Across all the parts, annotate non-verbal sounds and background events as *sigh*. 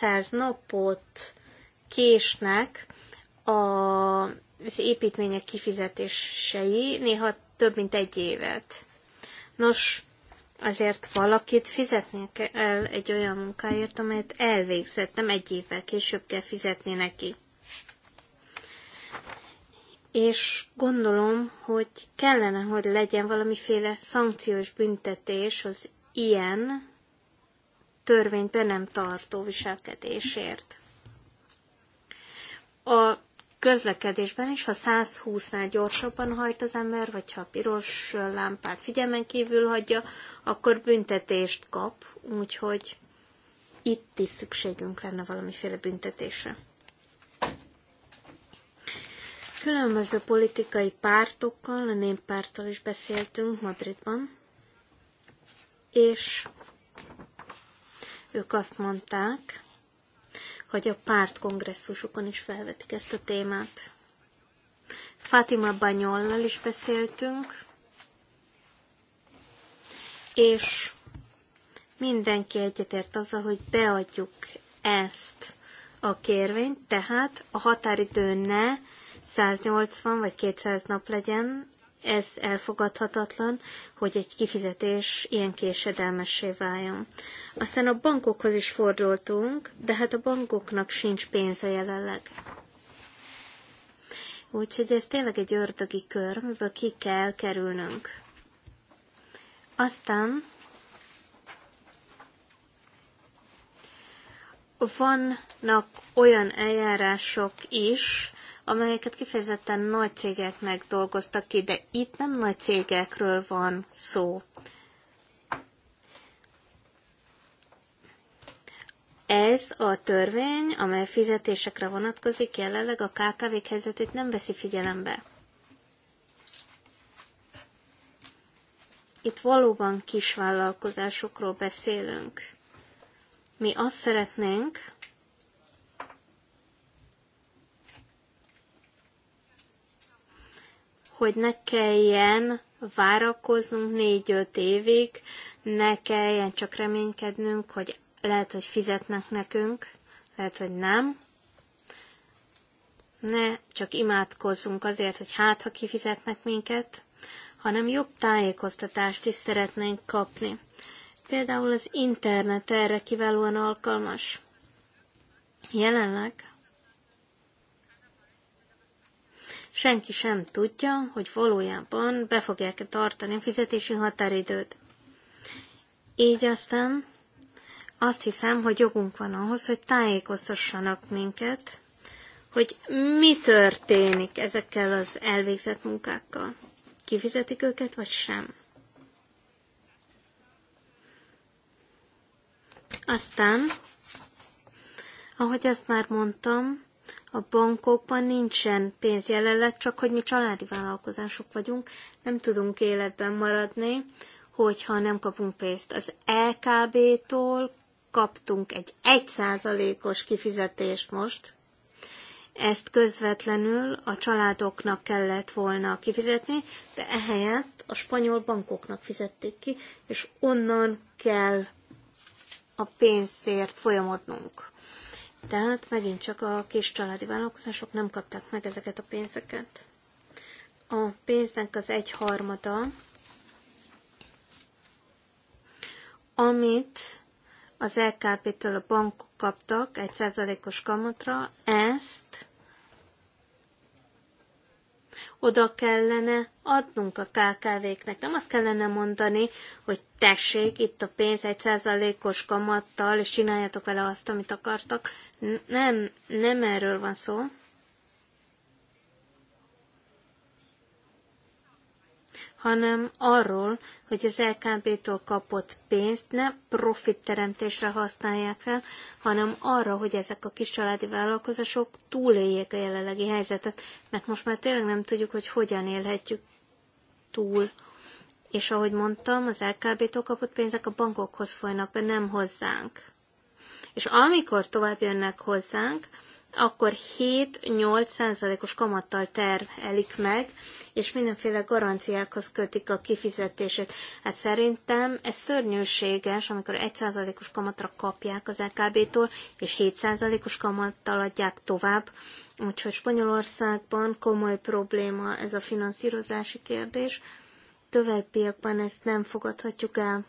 200 napot késnek a, az építmények kifizetései, néha több mint egy évet. Nos, azért valakit fizetni kell egy olyan munkáért, amelyet elvégzettem, nem egy évvel később kell fizetni neki. És gondolom, hogy kellene, hogy legyen valamiféle szankciós büntetés az ilyen törvényt be nem tartó viselkedésért. A közlekedésben is, ha 120-nál gyorsabban hajt az ember, vagy ha a piros lámpát figyelmen kívül hagyja, akkor büntetést kap, úgyhogy itt is szükségünk lenne valamiféle büntetésre. Különböző politikai pártokkal, a néppárttal is beszéltünk Madridban, és ők azt mondták, hogy a pártkongresszusokon is felvetik ezt a témát. Fátima Banyollal is beszéltünk, és mindenki egyetért azzal, hogy beadjuk ezt a kérvényt, tehát a határidő ne 180 vagy 200 nap legyen, ez elfogadhatatlan, hogy egy kifizetés ilyen késedelmessé váljon. Aztán a bankokhoz is fordultunk, de hát a bankoknak sincs pénze jelenleg. Úgyhogy ez tényleg egy ördögi kör, amiből ki kell kerülnünk. Aztán vannak olyan eljárások is, amelyeket kifejezetten nagy cégeknek dolgoztak ki, de itt nem nagy cégekről van szó. Ez a törvény, amely fizetésekre vonatkozik, jelenleg a kkv helyzetét nem veszi figyelembe. Itt valóban kisvállalkozásokról beszélünk. Mi azt szeretnénk, hogy ne kelljen várakoznunk négy-öt évig, ne kelljen csak reménykednünk, hogy lehet, hogy fizetnek nekünk, lehet, hogy nem. Ne csak imádkozzunk azért, hogy hát, ha kifizetnek minket, hanem jobb tájékoztatást is szeretnénk kapni. Például az internet erre kiválóan alkalmas. Jelenleg senki sem tudja, hogy valójában be fogják tartani a fizetési határidőt. Így aztán azt hiszem, hogy jogunk van ahhoz, hogy tájékoztassanak minket, hogy mi történik ezekkel az elvégzett munkákkal. Kifizetik őket, vagy sem? Aztán, ahogy ezt már mondtam, a bankokban nincsen pénz jelenleg, csak hogy mi családi vállalkozások vagyunk, nem tudunk életben maradni, hogyha nem kapunk pénzt. Az LKB-tól kaptunk egy 1%-os kifizetést most, ezt közvetlenül a családoknak kellett volna kifizetni, de ehelyett a spanyol bankoknak fizették ki, és onnan kell a pénzért folyamodnunk. Tehát megint csak a kis családi vállalkozások nem kapták meg ezeket a pénzeket. A pénznek az egyharmada, amit az LKP-től e a bankok kaptak egy százalékos kamatra, ezt oda kellene adnunk a KKV-knek. Nem azt kellene mondani, hogy tessék, itt a pénz egy százalékos kamattal, és csináljátok vele azt, amit akartak. Nem, nem erről van szó. hanem arról, hogy az LKB-tól kapott pénzt ne profitteremtésre használják fel, hanem arra, hogy ezek a kis családi vállalkozások túléljék a jelenlegi helyzetet, mert most már tényleg nem tudjuk, hogy hogyan élhetjük túl. És ahogy mondtam, az LKB-tól kapott pénzek a bankokhoz folynak be, nem hozzánk. És amikor tovább jönnek hozzánk, akkor 7-8 százalékos kamattal terhelik meg, és mindenféle garanciákhoz kötik a kifizetését. Hát szerintem ez szörnyűséges, amikor 1%-os kamatra kapják az LKB-tól, és 7%-os kamattal adják tovább. Úgyhogy Spanyolországban komoly probléma ez a finanszírozási kérdés. Tövegpiakban ezt nem fogadhatjuk el.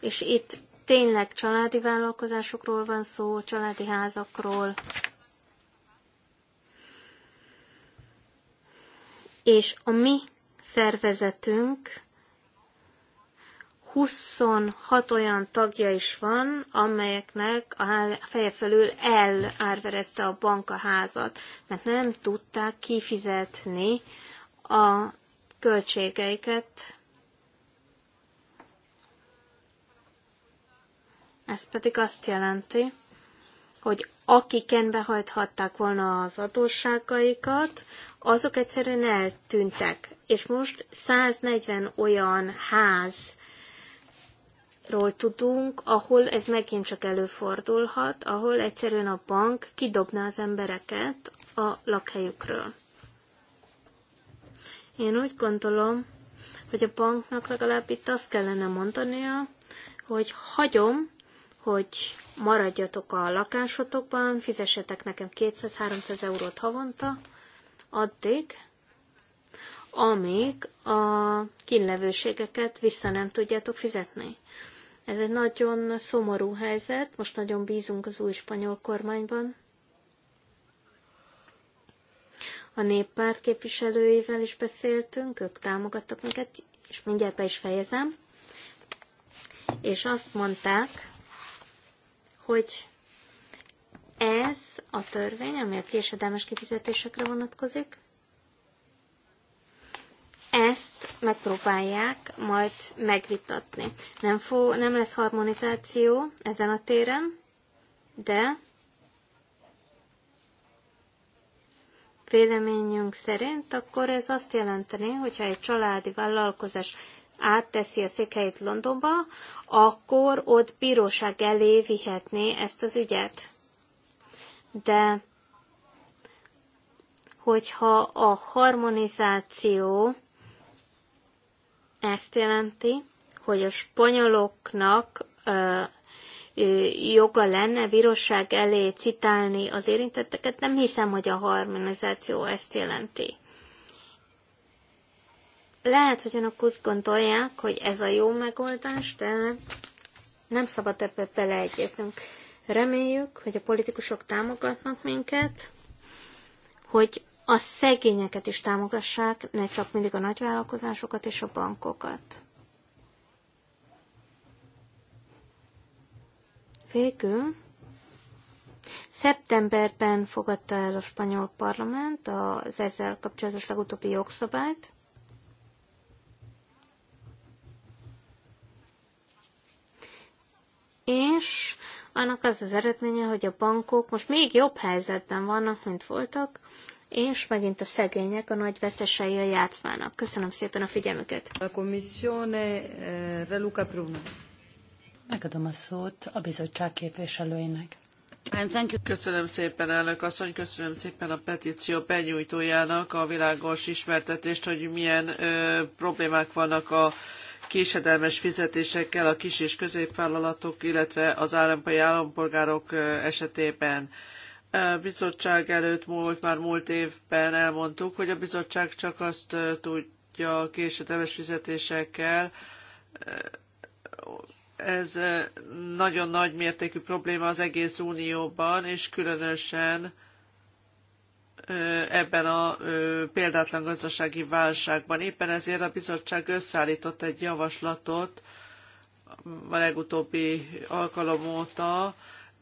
És itt tényleg családi vállalkozásokról van szó, családi házakról, és a mi szervezetünk 26 olyan tagja is van, amelyeknek a feje felül elárverezte a bankaházat, mert nem tudták kifizetni a költségeiket. Ez pedig azt jelenti, hogy akiken behajthatták volna az adósságaikat, azok egyszerűen eltűntek. És most 140 olyan házról tudunk, ahol ez megint csak előfordulhat, ahol egyszerűen a bank kidobná az embereket a lakhelyükről. Én úgy gondolom, hogy a banknak legalább itt azt kellene mondania, hogy hagyom, hogy maradjatok a lakásotokban, fizessetek nekem 200-300 eurót havonta, addig, amíg a kínlevőségeket vissza nem tudjátok fizetni. Ez egy nagyon szomorú helyzet, most nagyon bízunk az új spanyol kormányban. A néppárt képviselőivel is beszéltünk, ők támogattak minket, és mindjárt be is fejezem. És azt mondták, hogy ez a törvény, ami a késedelmes kifizetésekre vonatkozik, ezt megpróbálják majd megvitatni. Nem, fo- nem lesz harmonizáció ezen a téren, de véleményünk szerint akkor ez azt jelenteni, hogyha egy családi vállalkozás átteszi a székhelyét Londonba, akkor ott bíróság elé vihetné ezt az ügyet de hogyha a harmonizáció ezt jelenti, hogy a spanyoloknak joga lenne bíróság elé citálni az érintetteket, nem hiszem, hogy a harmonizáció ezt jelenti. Lehet, hogy önök úgy gondolják, hogy ez a jó megoldás, de nem szabad ebbe beleegyeznünk. Reméljük, hogy a politikusok támogatnak minket, hogy a szegényeket is támogassák, ne csak mindig a nagyvállalkozásokat és a bankokat. Végül szeptemberben fogadta el a spanyol parlament az ezzel kapcsolatos legutóbbi jogszabályt, és annak az az eredménye, hogy a bankok most még jobb helyzetben vannak, mint voltak, és megint a szegények a nagy vesztesei a játszmának. Köszönöm szépen a figyelmüket. A komissione eh, Reluca Bruno. Megadom a szót a bizottság képviselőinek. Köszönöm szépen, elnök asszony, köszönöm szépen a petíció benyújtójának a világos ismertetést, hogy milyen ö, problémák vannak a késedelmes fizetésekkel a kis és középvállalatok, illetve az állampai állampolgárok esetében. A bizottság előtt múlt, már múlt évben elmondtuk, hogy a bizottság csak azt tudja a késedelmes fizetésekkel, ez nagyon nagy mértékű probléma az egész unióban, és különösen ebben a példátlan gazdasági válságban. Éppen ezért a bizottság összeállított egy javaslatot a legutóbbi alkalom óta,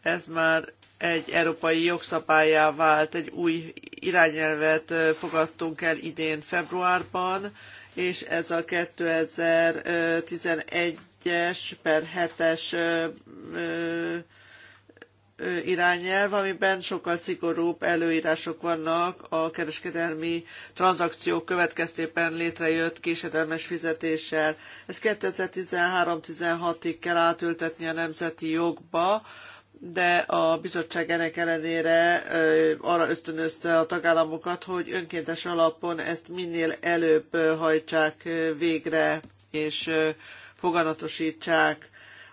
ez már egy európai jogszabályá vált, egy új irányelvet fogadtunk el idén februárban, és ez a 2011-es per 7-es irányelv, amiben sokkal szigorúbb előírások vannak a kereskedelmi tranzakciók következtében létrejött késedelmes fizetéssel. Ez 2013-16-ig kell átültetni a nemzeti jogba, de a bizottság ennek ellenére arra ösztönözte a tagállamokat, hogy önkéntes alapon ezt minél előbb hajtsák végre és foganatosítsák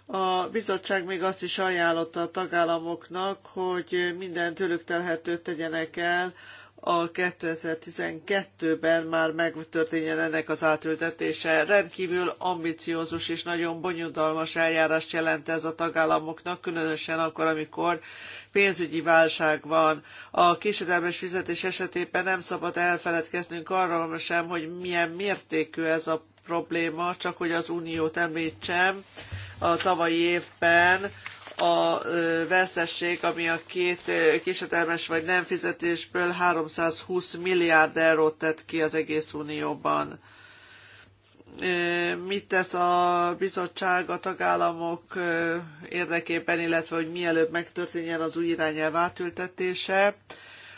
a bizottság még azt is ajánlotta a tagállamoknak, hogy minden tőlük telhetőt tegyenek el, a 2012-ben már megtörténjen ennek az átültetése. Rendkívül ambiciózus és nagyon bonyodalmas eljárást jelent ez a tagállamoknak, különösen akkor, amikor pénzügyi válság van. A késedelmes fizetés esetében nem szabad elfeledkeznünk arról sem, hogy milyen mértékű ez a probléma, csak hogy az uniót említsem a tavalyi évben a vesztesség, ami a két késedelmes vagy nem fizetésből 320 milliárd eurót tett ki az egész unióban. Mit tesz a bizottság a tagállamok érdekében, illetve hogy mielőbb megtörténjen az új irányelv átültetése?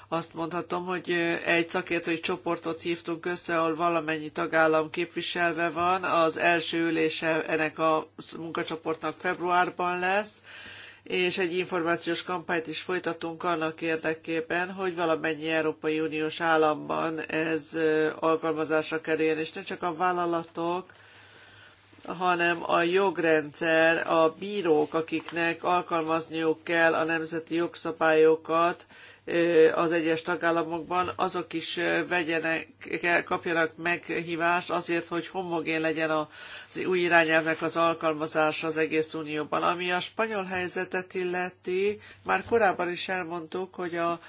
azt mondhatom, hogy egy szakértői csoportot hívtunk össze, ahol valamennyi tagállam képviselve van. Az első ülése ennek a munkacsoportnak februárban lesz, és egy információs kampányt is folytatunk annak érdekében, hogy valamennyi Európai Uniós államban ez alkalmazásra kerüljön, és ne csak a vállalatok, hanem a jogrendszer, a bírók, akiknek alkalmazniuk kell a nemzeti jogszabályokat, az egyes tagállamokban, azok is vegyenek, kapjanak meghívást azért, hogy homogén legyen az új irányelvnek az alkalmazása az egész unióban. Ami a spanyol helyzetet illeti, már korábban is elmondtuk, hogy a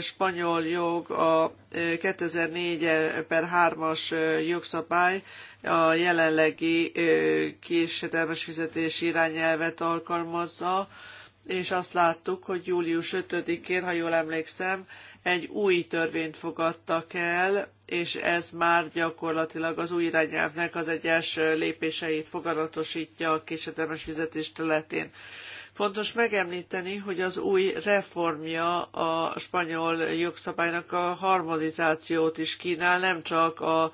spanyol jog a 2004 per 3-as jogszabály a jelenlegi késedelmes fizetési irányelvet alkalmazza, és azt láttuk, hogy július 5-én, ha jól emlékszem, egy új törvényt fogadtak el, és ez már gyakorlatilag az új irányelvnek az egyes lépéseit foganatosítja a késedelmes fizetés területén. Fontos megemlíteni, hogy az új reformja a spanyol jogszabálynak a harmonizációt is kínál, nem csak a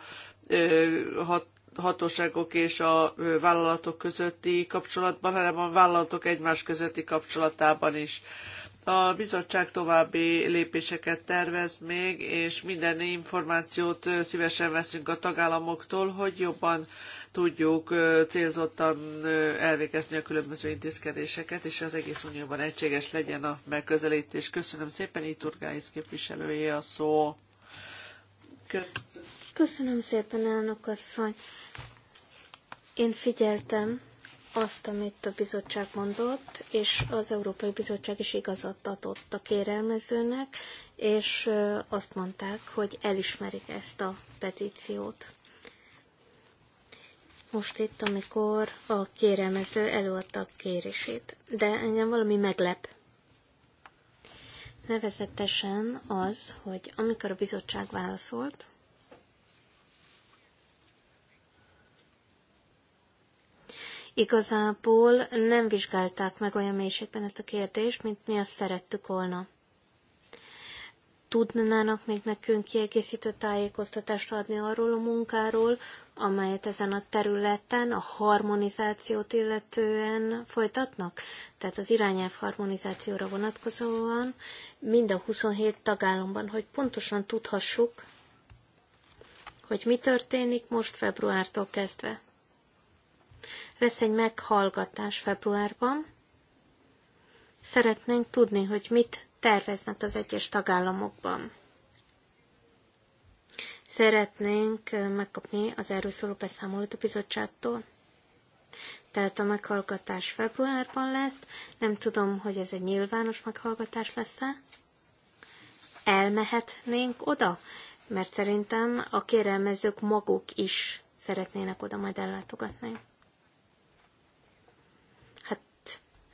hat hatóságok és a vállalatok közötti kapcsolatban, hanem a vállalatok egymás közötti kapcsolatában is. A bizottság további lépéseket tervez még, és minden információt szívesen veszünk a tagállamoktól, hogy jobban tudjuk célzottan elvégezni a különböző intézkedéseket, és az egész unióban egységes legyen a megközelítés. Köszönöm szépen, Iturgáis képviselője a szó. Köszönöm. Köszönöm szépen, elnök asszony. Én figyeltem azt, amit a bizottság mondott, és az Európai Bizottság is igazat adott a kérelmezőnek, és azt mondták, hogy elismerik ezt a petíciót. Most itt, amikor a kérelmező előadta a kérését. De engem valami meglep. Nevezetesen az, hogy amikor a bizottság válaszolt, Igazából nem vizsgálták meg olyan mélységben ezt a kérdést, mint mi azt szerettük volna. Tudnának még nekünk kiegészítő tájékoztatást adni arról a munkáról, amelyet ezen a területen a harmonizációt illetően folytatnak? Tehát az irányelv harmonizációra vonatkozóan mind a 27 tagállamban, hogy pontosan tudhassuk, hogy mi történik most februártól kezdve. Lesz egy meghallgatás februárban. Szeretnénk tudni, hogy mit terveznek az egyes tagállamokban. Szeretnénk megkapni az erről szóló beszámolót a bizottságtól. Tehát a meghallgatás februárban lesz. Nem tudom, hogy ez egy nyilvános meghallgatás lesz-e. Elmehetnénk oda? Mert szerintem a kérelmezők maguk is szeretnének oda majd ellátogatni.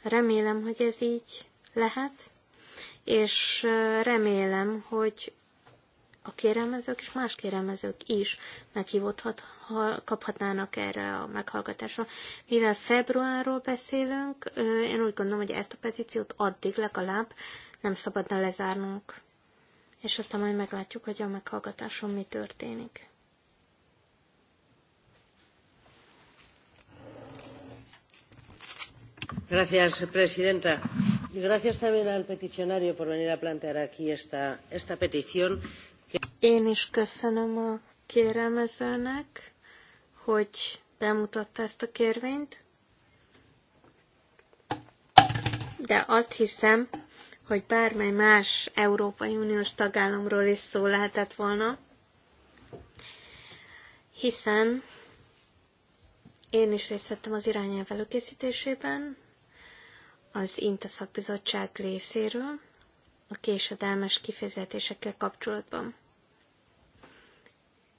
Remélem, hogy ez így lehet, és remélem, hogy a kérelmezők és más kérelmezők is meghívódhat, kaphatnának erre a meghallgatásra. Mivel februárról beszélünk, én úgy gondolom, hogy ezt a petíciót addig legalább nem szabadna lezárnunk. És aztán majd meglátjuk, hogy a meghallgatáson mi történik. Señora presidenta, gracias también al peticionario por venir a plantear aquí esta, esta petición. Én is köszönöm a kérelmezőnek, hogy bemutatta ezt a kérvényt. De azt hiszem, hogy bármely más Európai Uniós tagállamról is szó lehetett volna, hiszen én is részt vettem az irányelv előkészítésében, az INTA szakbizottság részéről, a késedelmes kifizetésekkel kapcsolatban.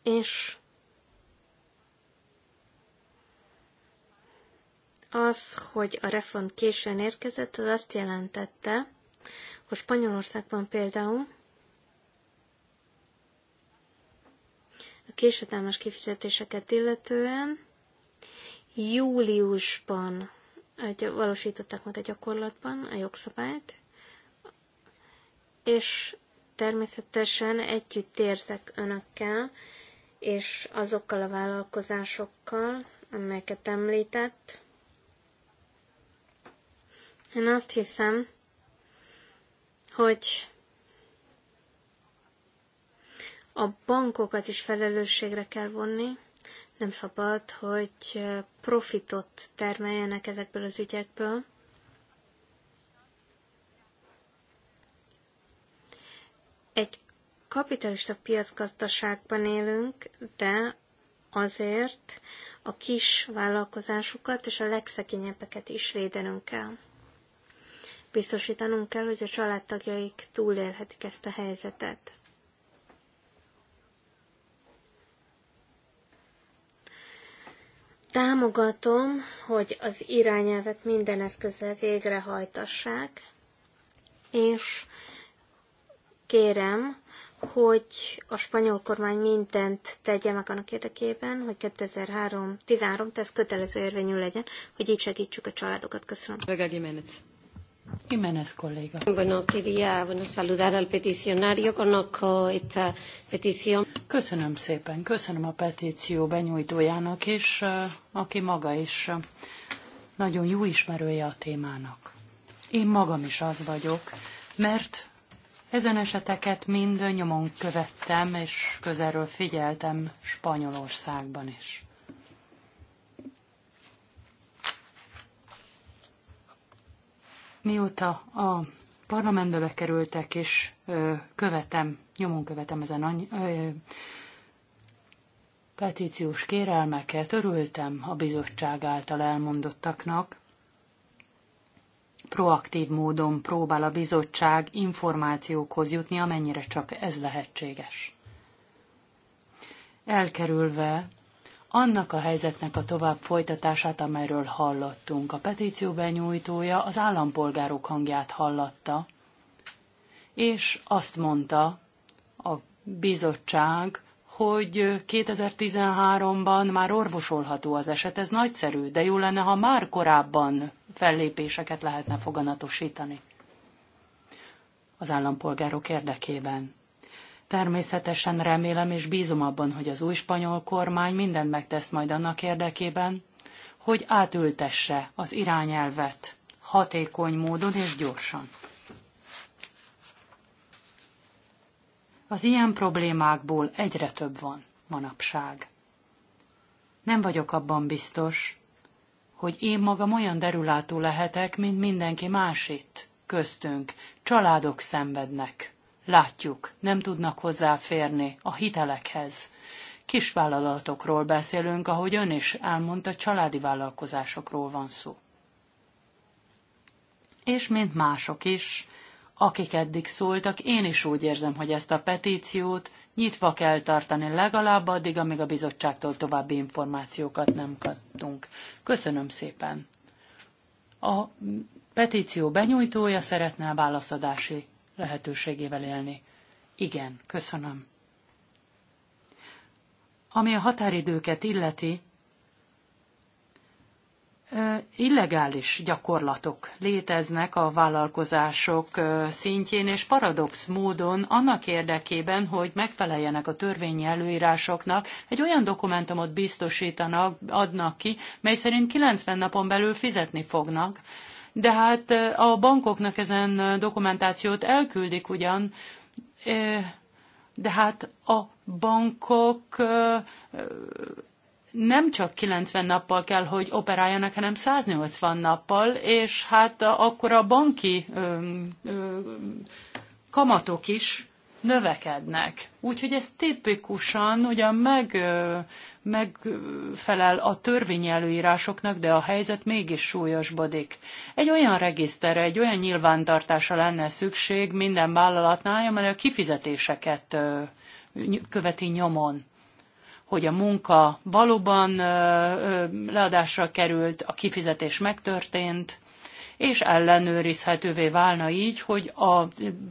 És az, hogy a reform későn érkezett, az azt jelentette, hogy Spanyolországban például a késedelmes kifizetéseket illetően Júliusban valósították meg a gyakorlatban a jogszabályt, és természetesen együtt érzek önökkel, és azokkal a vállalkozásokkal, amelyeket említett. Én azt hiszem, hogy a bankokat is felelősségre kell vonni, nem szabad, hogy profitot termeljenek ezekből az ügyekből. Egy kapitalista piacgazdaságban élünk, de azért a kis vállalkozásukat és a legszegényebbeket is védenünk kell. Biztosítanunk kell, hogy a családtagjaik túlélhetik ezt a helyzetet. Támogatom, hogy az irányelvet minden eszközzel végrehajtassák, és kérem, hogy a spanyol kormány mindent tegye meg annak érdekében, hogy 2013-13, tehát kötelező érvényű legyen, hogy így segítsük a családokat. Köszönöm. Jiménez kolléga. Bueno, quería bueno, saludar al peticionario, conozco esta petición. Köszönöm szépen, köszönöm a petíció benyújtójának is, eh, aki maga is eh, nagyon jó ismerője a témának. Én magam is az vagyok, mert ezen eseteket mind nyomon követtem, és közelről figyeltem Spanyolországban is. mióta a parlamentbe bekerültek, és követem, nyomon követem ezen any, ö, petíciós kérelmeket, örültem a bizottság által elmondottaknak. Proaktív módon próbál a bizottság információkhoz jutni, amennyire csak ez lehetséges. Elkerülve annak a helyzetnek a tovább folytatását, amelyről hallottunk. A petíció benyújtója az állampolgárok hangját hallatta, és azt mondta a bizottság, hogy 2013-ban már orvosolható az eset, ez nagyszerű, de jó lenne, ha már korábban fellépéseket lehetne foganatosítani az állampolgárok érdekében. Természetesen remélem és bízom abban, hogy az új spanyol kormány mindent megtesz majd annak érdekében, hogy átültesse az irányelvet hatékony módon és gyorsan. Az ilyen problémákból egyre több van manapság. Nem vagyok abban biztos, hogy én magam olyan derülátó lehetek, mint mindenki más itt, köztünk. Családok szenvednek Látjuk, nem tudnak hozzáférni a hitelekhez. Kisvállalatokról beszélünk, ahogy ön is elmondta, családi vállalkozásokról van szó. És mint mások is, akik eddig szóltak, én is úgy érzem, hogy ezt a petíciót nyitva kell tartani legalább addig, amíg a bizottságtól további információkat nem kaptunk. Köszönöm szépen. A petíció benyújtója szeretne a válaszadási lehetőségével élni. Igen, köszönöm. Ami a határidőket illeti, illegális gyakorlatok léteznek a vállalkozások szintjén, és paradox módon annak érdekében, hogy megfeleljenek a törvényi előírásoknak, egy olyan dokumentumot biztosítanak, adnak ki, mely szerint 90 napon belül fizetni fognak de hát a bankoknak ezen dokumentációt elküldik ugyan, de hát a bankok nem csak 90 nappal kell, hogy operáljanak, hanem 180 nappal, és hát akkor a banki kamatok is növekednek. Úgyhogy ez tipikusan ugyan meg megfelel a törvény előírásoknak, de a helyzet mégis súlyosbodik. Egy olyan regiszterre, egy olyan nyilvántartásra lenne szükség minden vállalatnál, amely a kifizetéseket követi nyomon hogy a munka valóban leadásra került, a kifizetés megtörtént, és ellenőrizhetővé válna így, hogy a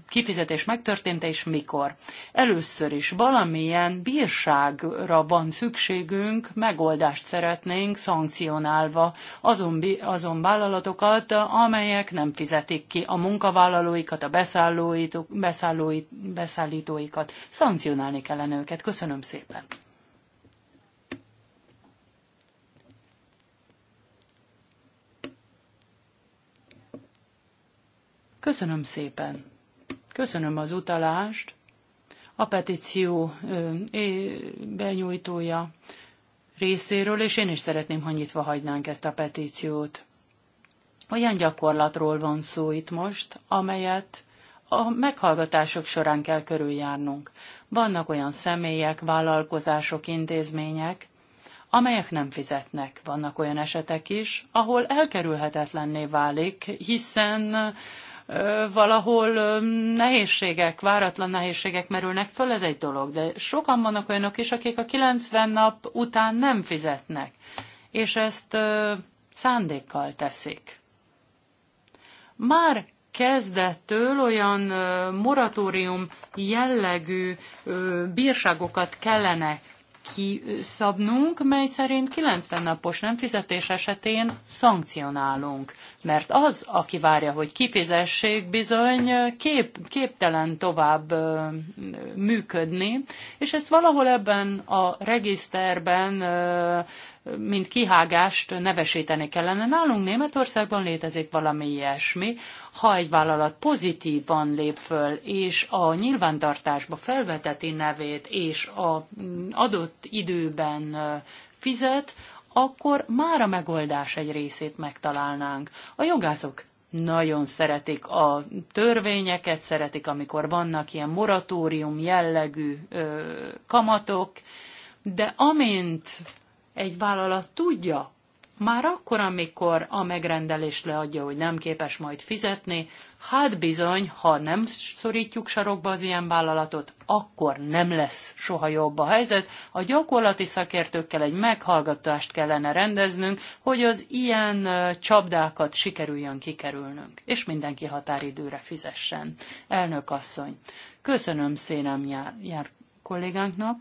kifizetés megtörtént és mikor. Először is valamilyen bírságra van szükségünk, megoldást szeretnénk szankcionálva azon, azon vállalatokat, amelyek nem fizetik ki a munkavállalóikat, a beszállóit, beszállóit, beszállítóikat. Szankcionálni kellene őket. Köszönöm szépen. Köszönöm szépen. Köszönöm az utalást. A petíció benyújtója részéről, és én is szeretném, ha nyitva hagynánk ezt a petíciót. Olyan gyakorlatról van szó itt most, amelyet a meghallgatások során kell körüljárnunk. Vannak olyan személyek, vállalkozások, intézmények, amelyek nem fizetnek. Vannak olyan esetek is, ahol elkerülhetetlenné válik, hiszen valahol nehézségek, váratlan nehézségek merülnek föl, ez egy dolog, de sokan vannak olyanok is, akik a 90 nap után nem fizetnek, és ezt szándékkal teszik. Már kezdettől olyan moratórium jellegű bírságokat kellene kiszabnunk, mely szerint 90 napos nem fizetés esetén szankcionálunk. Mert az, aki várja, hogy kifizessék, bizony kép, képtelen tovább működni, és ezt valahol ebben a regiszterben mint kihágást nevesíteni kellene. Nálunk Németországban létezik valami ilyesmi. Ha egy vállalat pozitívan lép föl, és a nyilvántartásba felveteti nevét, és a mm, adott időben fizet, akkor már a megoldás egy részét megtalálnánk. A jogászok nagyon szeretik a törvényeket, szeretik, amikor vannak ilyen moratórium jellegű ö, kamatok, de amint egy vállalat tudja, már akkor, amikor a megrendelés leadja, hogy nem képes majd fizetni, hát bizony, ha nem szorítjuk sarokba az ilyen vállalatot, akkor nem lesz soha jobb a helyzet. A gyakorlati szakértőkkel egy meghallgatást kellene rendeznünk, hogy az ilyen csapdákat sikerüljön kikerülnünk, és mindenki határidőre fizessen. Elnök asszony, köszönöm szépen jár, jár kollégánknak.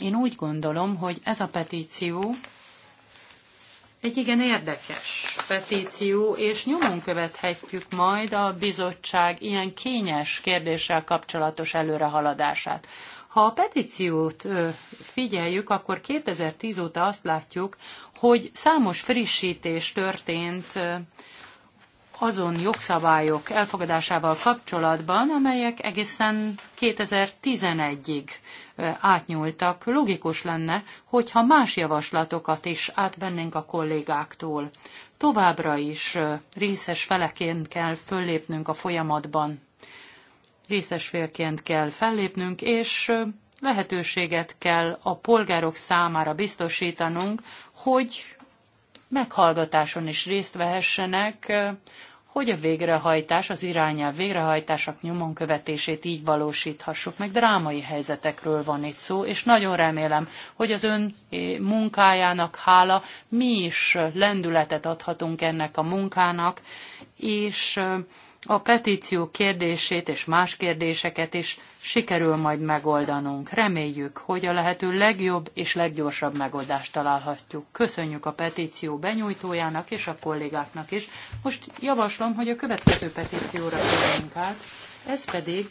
Én úgy gondolom, hogy ez a petíció egy igen érdekes petíció, és nyomon követhetjük majd a bizottság ilyen kényes kérdéssel kapcsolatos előrehaladását. Ha a petíciót figyeljük, akkor 2010 óta azt látjuk, hogy számos frissítés történt azon jogszabályok elfogadásával kapcsolatban, amelyek egészen 2011-ig átnyúltak. Logikus lenne, hogyha más javaslatokat is átvennénk a kollégáktól. Továbbra is részes feleként kell föllépnünk a folyamatban. Részes félként kell fellépnünk, és lehetőséget kell a polgárok számára biztosítanunk, hogy meghallgatáson is részt vehessenek hogy a végrehajtás, az irányel végrehajtások nyomon követését így valósíthassuk. Meg drámai helyzetekről van itt szó, és nagyon remélem, hogy az ön eh, munkájának hála mi is lendületet adhatunk ennek a munkának, és eh, a petíció kérdését és más kérdéseket is sikerül majd megoldanunk. Reméljük, hogy a lehető legjobb és leggyorsabb megoldást találhatjuk. Köszönjük a petíció benyújtójának és a kollégáknak is. Most javaslom, hogy a következő petícióra térjünk át. Ez pedig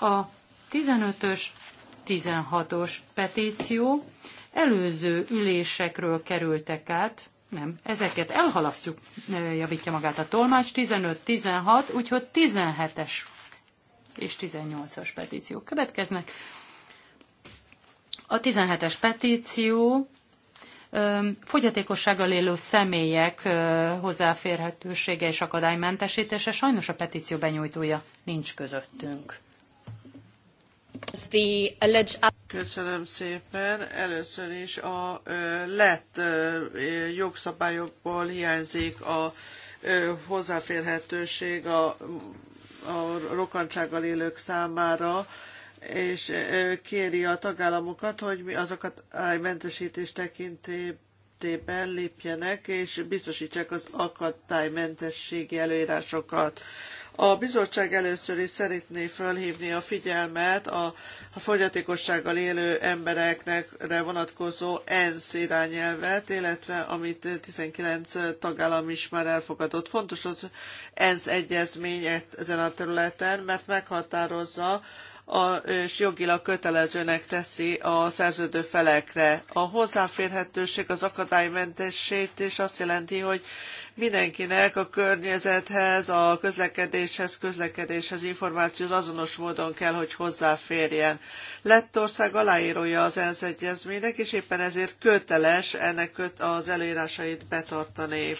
a 15-ös, 16-os petíció. Előző ülésekről kerültek át nem, ezeket elhalasztjuk, javítja magát a tolmács. 15-16, úgyhogy 17-es és 18-as petíciók következnek. A 17-es petíció fogyatékossággal élő személyek hozzáférhetősége és akadálymentesítése. Sajnos a petíció benyújtója nincs közöttünk. Köszönöm szépen. Először is a lett jogszabályokból hiányzik a hozzáférhetőség a, a rokkantsággal élők számára és kéri a tagállamokat, hogy mi azokat a mentesítés tekintetében lépjenek, és biztosítsák az akadálymentességi előírásokat. A bizottság először is szeretné felhívni a figyelmet a, fogyatékossággal élő embereknek vonatkozó ENSZ irányelvet, illetve amit 19 tagállam is már elfogadott. Fontos az ENSZ egyezmény e- ezen a területen, mert meghatározza, a, és jogilag kötelezőnek teszi a szerződő felekre. A hozzáférhetőség, az akadálymentesség és azt jelenti, hogy mindenkinek a környezethez, a közlekedéshez, közlekedéshez, információhoz azonos módon kell, hogy hozzáférjen. Lettország aláírója az ENSZ egyezménynek, és éppen ezért köteles ennek az előírásait betartani.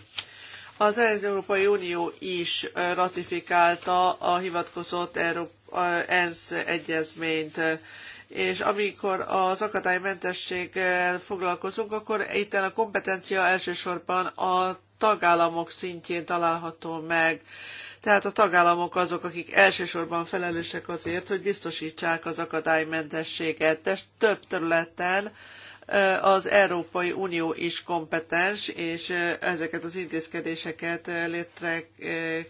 Az Európai Unió is ratifikálta a hivatkozott ENSZ egyezményt és amikor az akadálymentességgel foglalkozunk, akkor itt a kompetencia elsősorban a tagállamok szintjén található meg. Tehát a tagállamok azok, akik elsősorban felelősek azért, hogy biztosítsák az akadálymentességet, de több területen eh, az Európai Unió is kompetens, és eh, ezeket az intézkedéseket eh, létre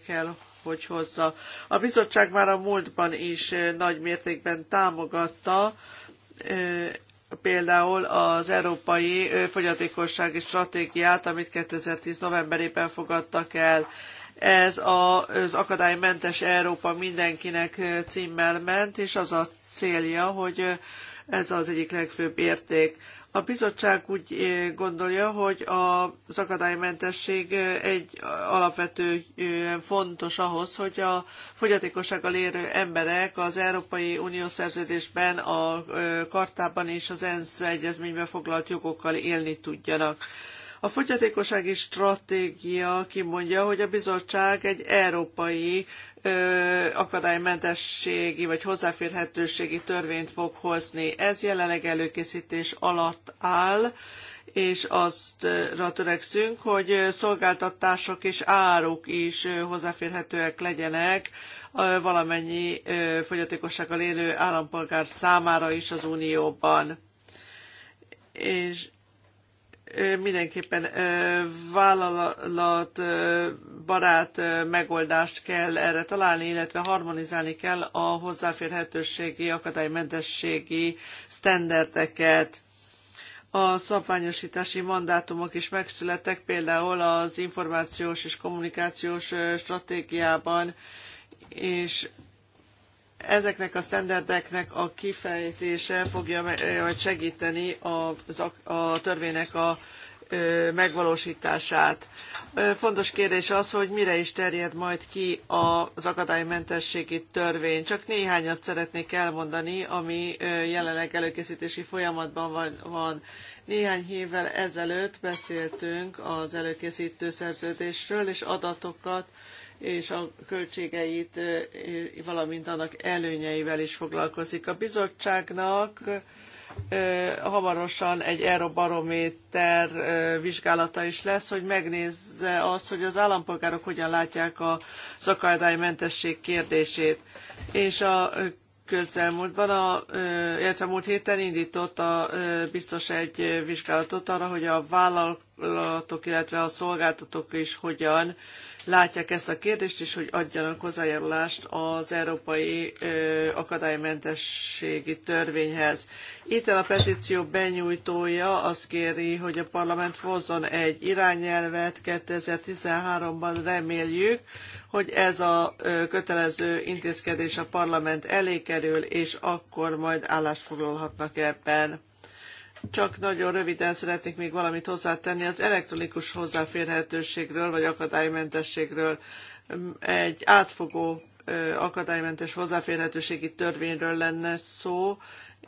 kell hogy hozza. A bizottság már a múltban is nagy mértékben támogatta például az Európai Fogyatékossági Stratégiát, amit 2010 novemberében fogadtak el. Ez a, az Akadálymentes Európa mindenkinek címmel ment, és az a célja, hogy ez az egyik legfőbb érték. A bizottság úgy eh, gondolja, hogy az akadálymentesség eh, egy alapvetően fontos ahhoz, hogy a fogyatékossággal érő emberek az Európai Unió szerződésben, a eh, kartában és az ENSZ egyezményben foglalt jogokkal élni tudjanak. A fogyatékossági stratégia kimondja, hogy a bizottság egy európai akadálymentességi vagy hozzáférhetőségi törvényt fog hozni. Ez jelenleg előkészítés alatt áll, és aztra törekszünk, hogy szolgáltatások és áruk is hozzáférhetőek legyenek valamennyi fogyatékossággal élő állampolgár számára is az Unióban. És mindenképpen vállalat barát megoldást kell erre találni, illetve harmonizálni kell a hozzáférhetőségi, akadálymentességi sztenderteket. A szabványosítási mandátumok is megszülettek, például az információs és kommunikációs stratégiában, és ezeknek a standardeknek a kifejtése fogja majd segíteni a, a törvénynek a megvalósítását. Fontos kérdés az, hogy mire is terjed majd ki az akadálymentességi törvény. Csak néhányat szeretnék elmondani, ami jelenleg előkészítési folyamatban van. Néhány évvel ezelőtt beszéltünk az előkészítő szerződésről, és adatokat és a költségeit, valamint annak előnyeivel is foglalkozik. A bizottságnak hamarosan egy Eurobarométer vizsgálata is lesz, hogy megnézze azt, hogy az állampolgárok hogyan látják a szakadálymentesség kérdését. És a közelmúltban, a, illetve múlt héten indított a biztos egy vizsgálatot arra, hogy a vállalatok, illetve a szolgáltatók is hogyan látják ezt a kérdést, is, hogy adjanak hozzájárulást az Európai Akadálymentességi Törvényhez. Itt a petíció benyújtója azt kéri, hogy a parlament hozzon egy irányelvet 2013-ban reméljük, hogy ez a kötelező intézkedés a parlament elé kerül, és akkor majd állást foglalhatnak ebben. Csak nagyon röviden szeretnék még valamit hozzátenni az elektronikus hozzáférhetőségről vagy akadálymentességről. Egy átfogó akadálymentes hozzáférhetőségi törvényről lenne szó,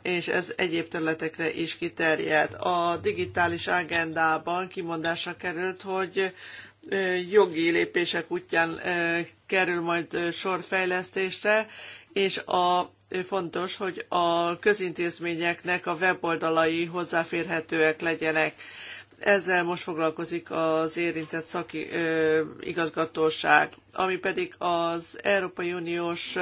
és ez egyéb területekre is kiterjed. A digitális agendában kimondásra került, hogy jogi lépések útján kerül majd sor fejlesztésre, és a fontos, hogy a közintézményeknek a weboldalai hozzáférhetőek legyenek. Ezzel most foglalkozik az érintett szaki ö, igazgatóság, ami pedig az Európai Uniós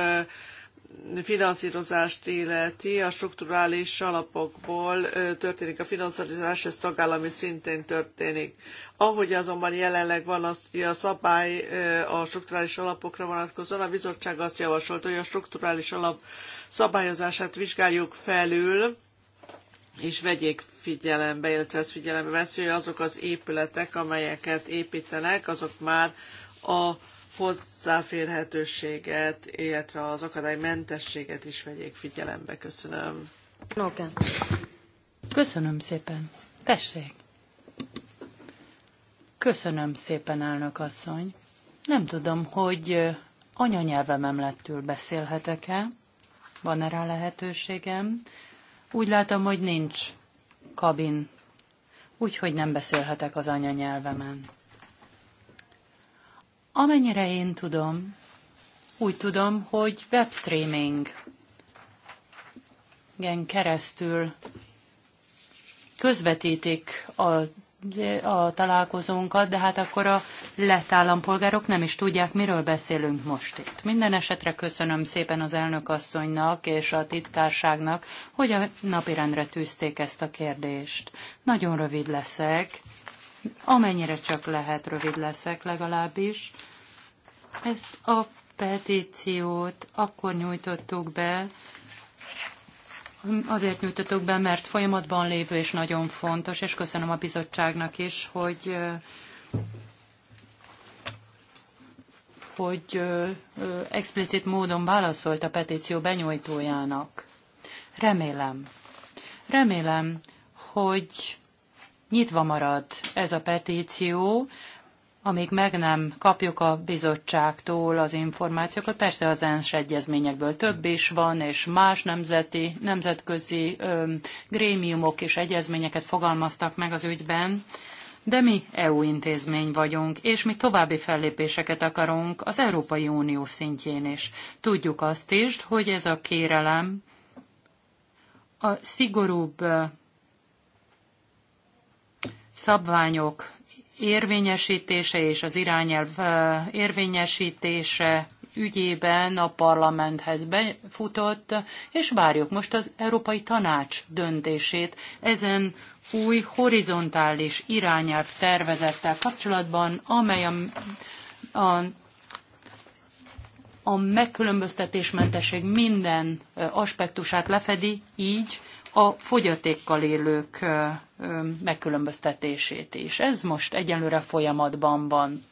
finanszírozást illeti, a strukturális alapokból történik a finanszírozás, ez tagállami szintén történik. Ahogy azonban jelenleg van az, a szabály a strukturális alapokra vonatkozóan, a bizottság azt javasolta, hogy a strukturális alap szabályozását vizsgáljuk felül, és vegyék figyelembe, illetve ezt figyelembe veszi, hogy azok az épületek, amelyeket építenek, azok már a hozzáférhetőséget, illetve az akadálymentességet is vegyék figyelembe. Köszönöm. Oké. Köszönöm szépen. Tessék. Köszönöm szépen, elnök asszony. Nem tudom, hogy anyanyelvem emlettül beszélhetek-e? Van-e rá lehetőségem? Úgy látom, hogy nincs kabin, úgyhogy nem beszélhetek az anyanyelvemen. Amennyire én tudom, úgy tudom, hogy webstreaming igen, keresztül közvetítik a, a találkozónkat, de hát akkor a lett állampolgárok nem is tudják, miről beszélünk most itt. Minden esetre köszönöm szépen az elnökasszonynak és a titkárságnak, hogy a napirendre tűzték ezt a kérdést. Nagyon rövid leszek amennyire csak lehet rövid leszek legalábbis. Ezt a petíciót akkor nyújtottuk be, Azért nyújtottuk be, mert folyamatban lévő és nagyon fontos, és köszönöm a bizottságnak is, hogy hogy explicit módon válaszolt a petíció benyújtójának. Remélem. Remélem, hogy nyitva marad ez a petíció, amíg meg nem kapjuk a bizottságtól az információkat, persze az ENSZ egyezményekből több is van, és más nemzeti, nemzetközi ö, grémiumok és egyezményeket fogalmaztak meg az ügyben, de mi EU intézmény vagyunk, és mi további fellépéseket akarunk az Európai Unió szintjén is. Tudjuk azt is, hogy ez a kérelem a szigorúbb szabványok érvényesítése és az irányelv érvényesítése ügyében a parlamenthez befutott, és várjuk most az Európai Tanács döntését ezen új horizontális irányelv tervezettel kapcsolatban, amely a, a, a megkülönböztetésmentesség minden aspektusát lefedi, így a fogyatékkal élők megkülönböztetését is. Ez most egyelőre folyamatban van.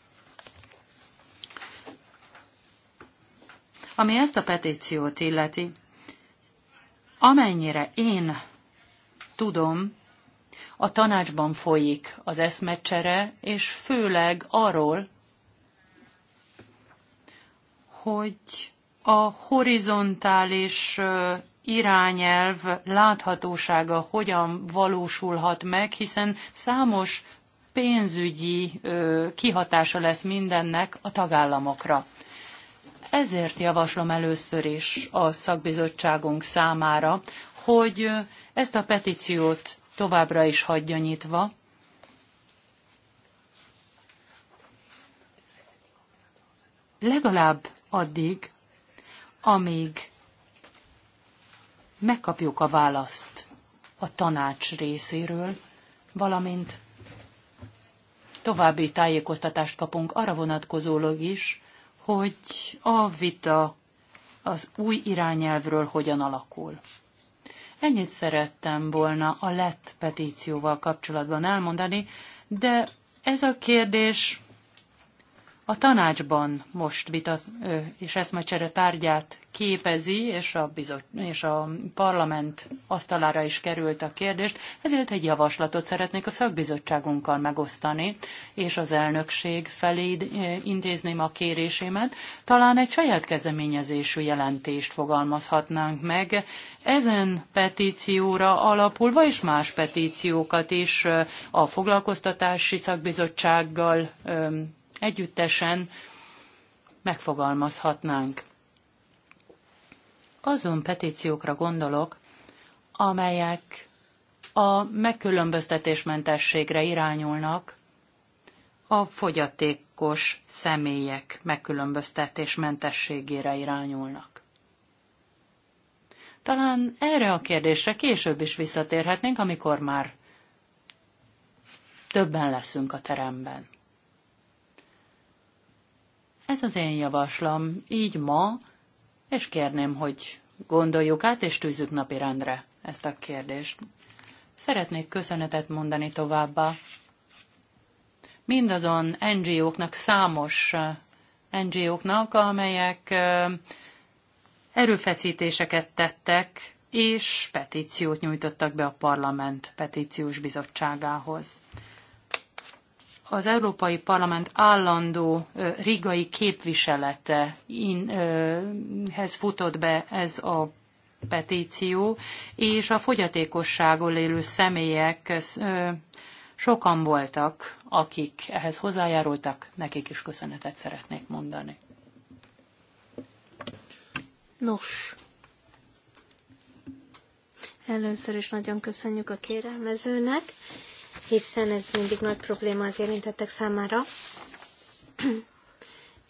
Ami ezt a petíciót illeti, amennyire én tudom, a tanácsban folyik az eszmecsere, és főleg arról, hogy a horizontális irányelv láthatósága hogyan valósulhat meg, hiszen számos pénzügyi kihatása lesz mindennek a tagállamokra. Ezért javaslom először is a szakbizottságunk számára, hogy ezt a petíciót továbbra is hagyja nyitva, legalább addig, amíg megkapjuk a választ a tanács részéről, valamint további tájékoztatást kapunk arra vonatkozólag is, hogy a vita az új irányelvről hogyan alakul. Ennyit szerettem volna a lett petícióval kapcsolatban elmondani, de ez a kérdés a tanácsban most vita és eszmecsere tárgyát képezi, és a, bizot, és a parlament asztalára is került a kérdést, ezért egy javaslatot szeretnék a szakbizottságunkkal megosztani, és az elnökség felé intézném a kérésémet. Talán egy saját kezdeményezésű jelentést fogalmazhatnánk meg, ezen petícióra alapulva, és más petíciókat is a foglalkoztatási szakbizottsággal együttesen megfogalmazhatnánk. Azon petíciókra gondolok, amelyek a megkülönböztetésmentességre irányulnak, a fogyatékos személyek megkülönböztetésmentességére irányulnak. Talán erre a kérdésre később is visszatérhetnénk, amikor már többen leszünk a teremben. Ez az én javaslam, így ma, és kérném, hogy gondoljuk át és tűzzük rendre ezt a kérdést. Szeretnék köszönetet mondani továbbá mindazon NGO-knak, számos eh, NGO-knak, amelyek eh, erőfeszítéseket tettek, és petíciót nyújtottak be a parlament petíciós bizottságához az Európai Parlament állandó rigai képviseletehez futott be ez a petíció, és a fogyatékossággal élő személyek sokan voltak, akik ehhez hozzájárultak, nekik is köszönetet szeretnék mondani. Nos, először is nagyon köszönjük a kérelmezőnek, hiszen ez mindig nagy probléma az érintettek számára.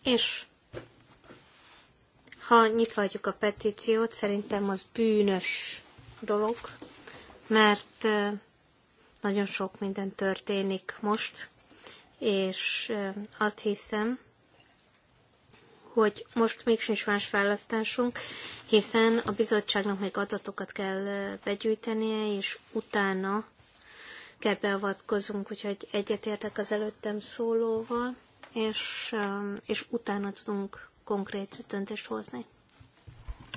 És ha nyitva adjuk a petíciót, szerintem az bűnös dolog, mert nagyon sok minden történik most, és azt hiszem, hogy most még sincs más választásunk, hiszen a bizottságnak még adatokat kell begyűjtenie, és utána kell beavatkozunk, úgyhogy egyetértek az előttem szólóval, és, um, és utána tudunk konkrét döntést hozni.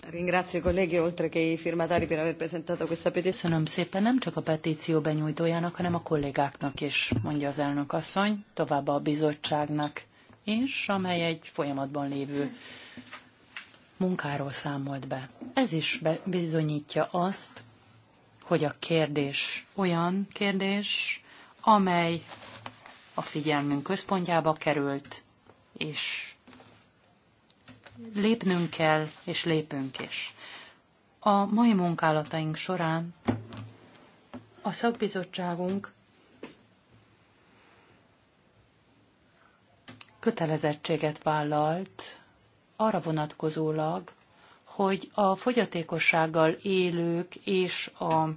Ringrazio i colleghi, oltre che i firmatari, per aver presentato questa petizione. Köszönöm szépen nem csak a petíció benyújtójának, hanem a kollégáknak is, mondja az elnök asszony, tovább a bizottságnak is, amely egy folyamatban lévő munkáról számolt be. Ez is be bizonyítja azt, hogy a kérdés olyan kérdés, amely a figyelmünk központjába került, és lépnünk kell, és lépünk is. A mai munkálataink során a szakbizottságunk kötelezettséget vállalt arra vonatkozólag, hogy a fogyatékossággal élők és a, az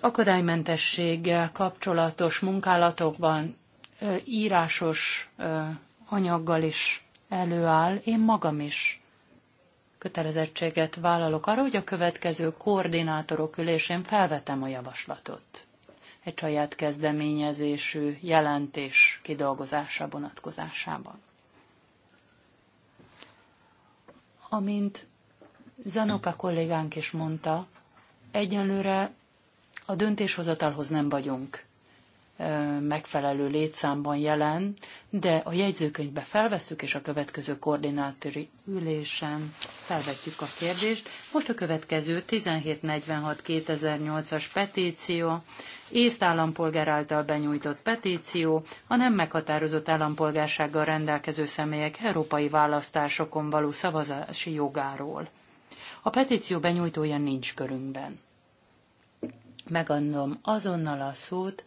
akadálymentességgel kapcsolatos munkálatokban írásos anyaggal is előáll. Én magam is kötelezettséget vállalok arra, hogy a következő koordinátorok ülésén felvetem a javaslatot egy saját kezdeményezésű jelentés kidolgozása vonatkozásában. Amint Zanoka kollégánk is mondta, egyenlőre a döntéshozatalhoz nem vagyunk megfelelő létszámban jelen, de a jegyzőkönyvbe felvesszük, és a következő koordinátori ülésen felvetjük a kérdést. Most a következő 1746-2008-as petíció, észt állampolgár által benyújtott petíció, a nem meghatározott állampolgársággal rendelkező személyek európai választásokon való szavazási jogáról. A petíció benyújtója nincs körünkben. Megadom azonnal a szót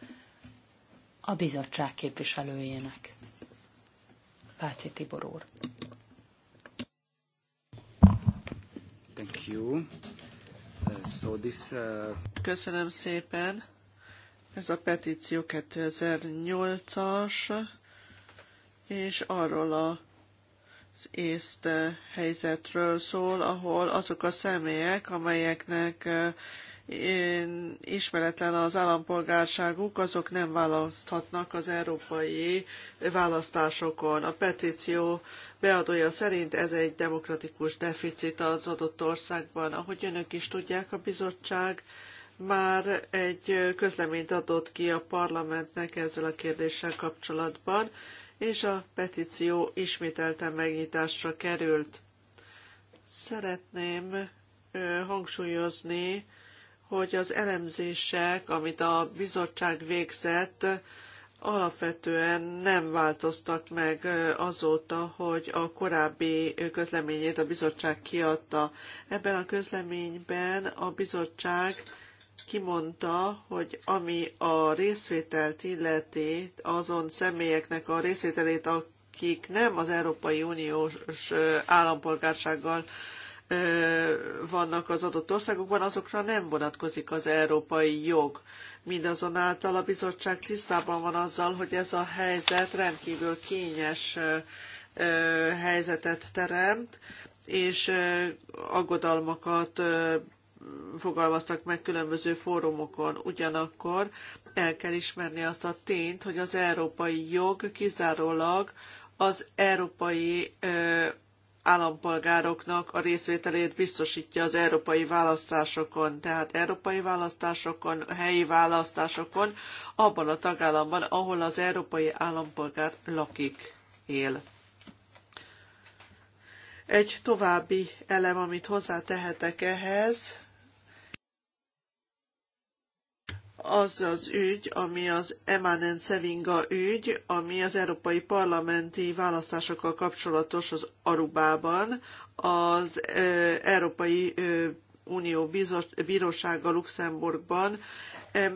a bizottság képviselőjének. Páci Tibor úr. Thank you. Uh, so this, uh... Köszönöm szépen. Ez a petíció 2008-as, és arról a az észt eh, helyzetről szól, ahol azok a személyek, amelyeknek eh, ismeretlen az állampolgárságuk, azok nem választhatnak az európai választásokon. A petíció beadója szerint ez egy demokratikus deficit az adott országban. Ahogy önök is tudják, a bizottság már egy közleményt adott ki a parlamentnek ezzel a kérdéssel kapcsolatban, és a petíció ismételten megnyitásra került. Szeretném hangsúlyozni, hogy az elemzések, amit a bizottság végzett, alapvetően nem változtak meg azóta, hogy a korábbi közleményét a bizottság kiadta. Ebben a közleményben a bizottság kimondta, hogy ami a részvételt illeti, azon személyeknek a részvételét, akik nem az Európai Uniós állampolgársággal vannak az adott országokban, azokra nem vonatkozik az európai jog. Mindazonáltal a bizottság tisztában van azzal, hogy ez a helyzet rendkívül kényes helyzetet teremt, és aggodalmakat fogalmaztak meg különböző fórumokon. Ugyanakkor el kell ismerni azt a tényt, hogy az európai jog kizárólag az európai állampolgároknak a részvételét biztosítja az európai választásokon, tehát európai választásokon, helyi választásokon, abban a tagállamban, ahol az európai állampolgár lakik, él. Egy további elem, amit hozzátehetek ehhez, az az ügy, ami az Emanen Sevinga ügy, ami az európai parlamenti választásokkal kapcsolatos az Arubában, az Európai Unió Bírósága Luxemburgban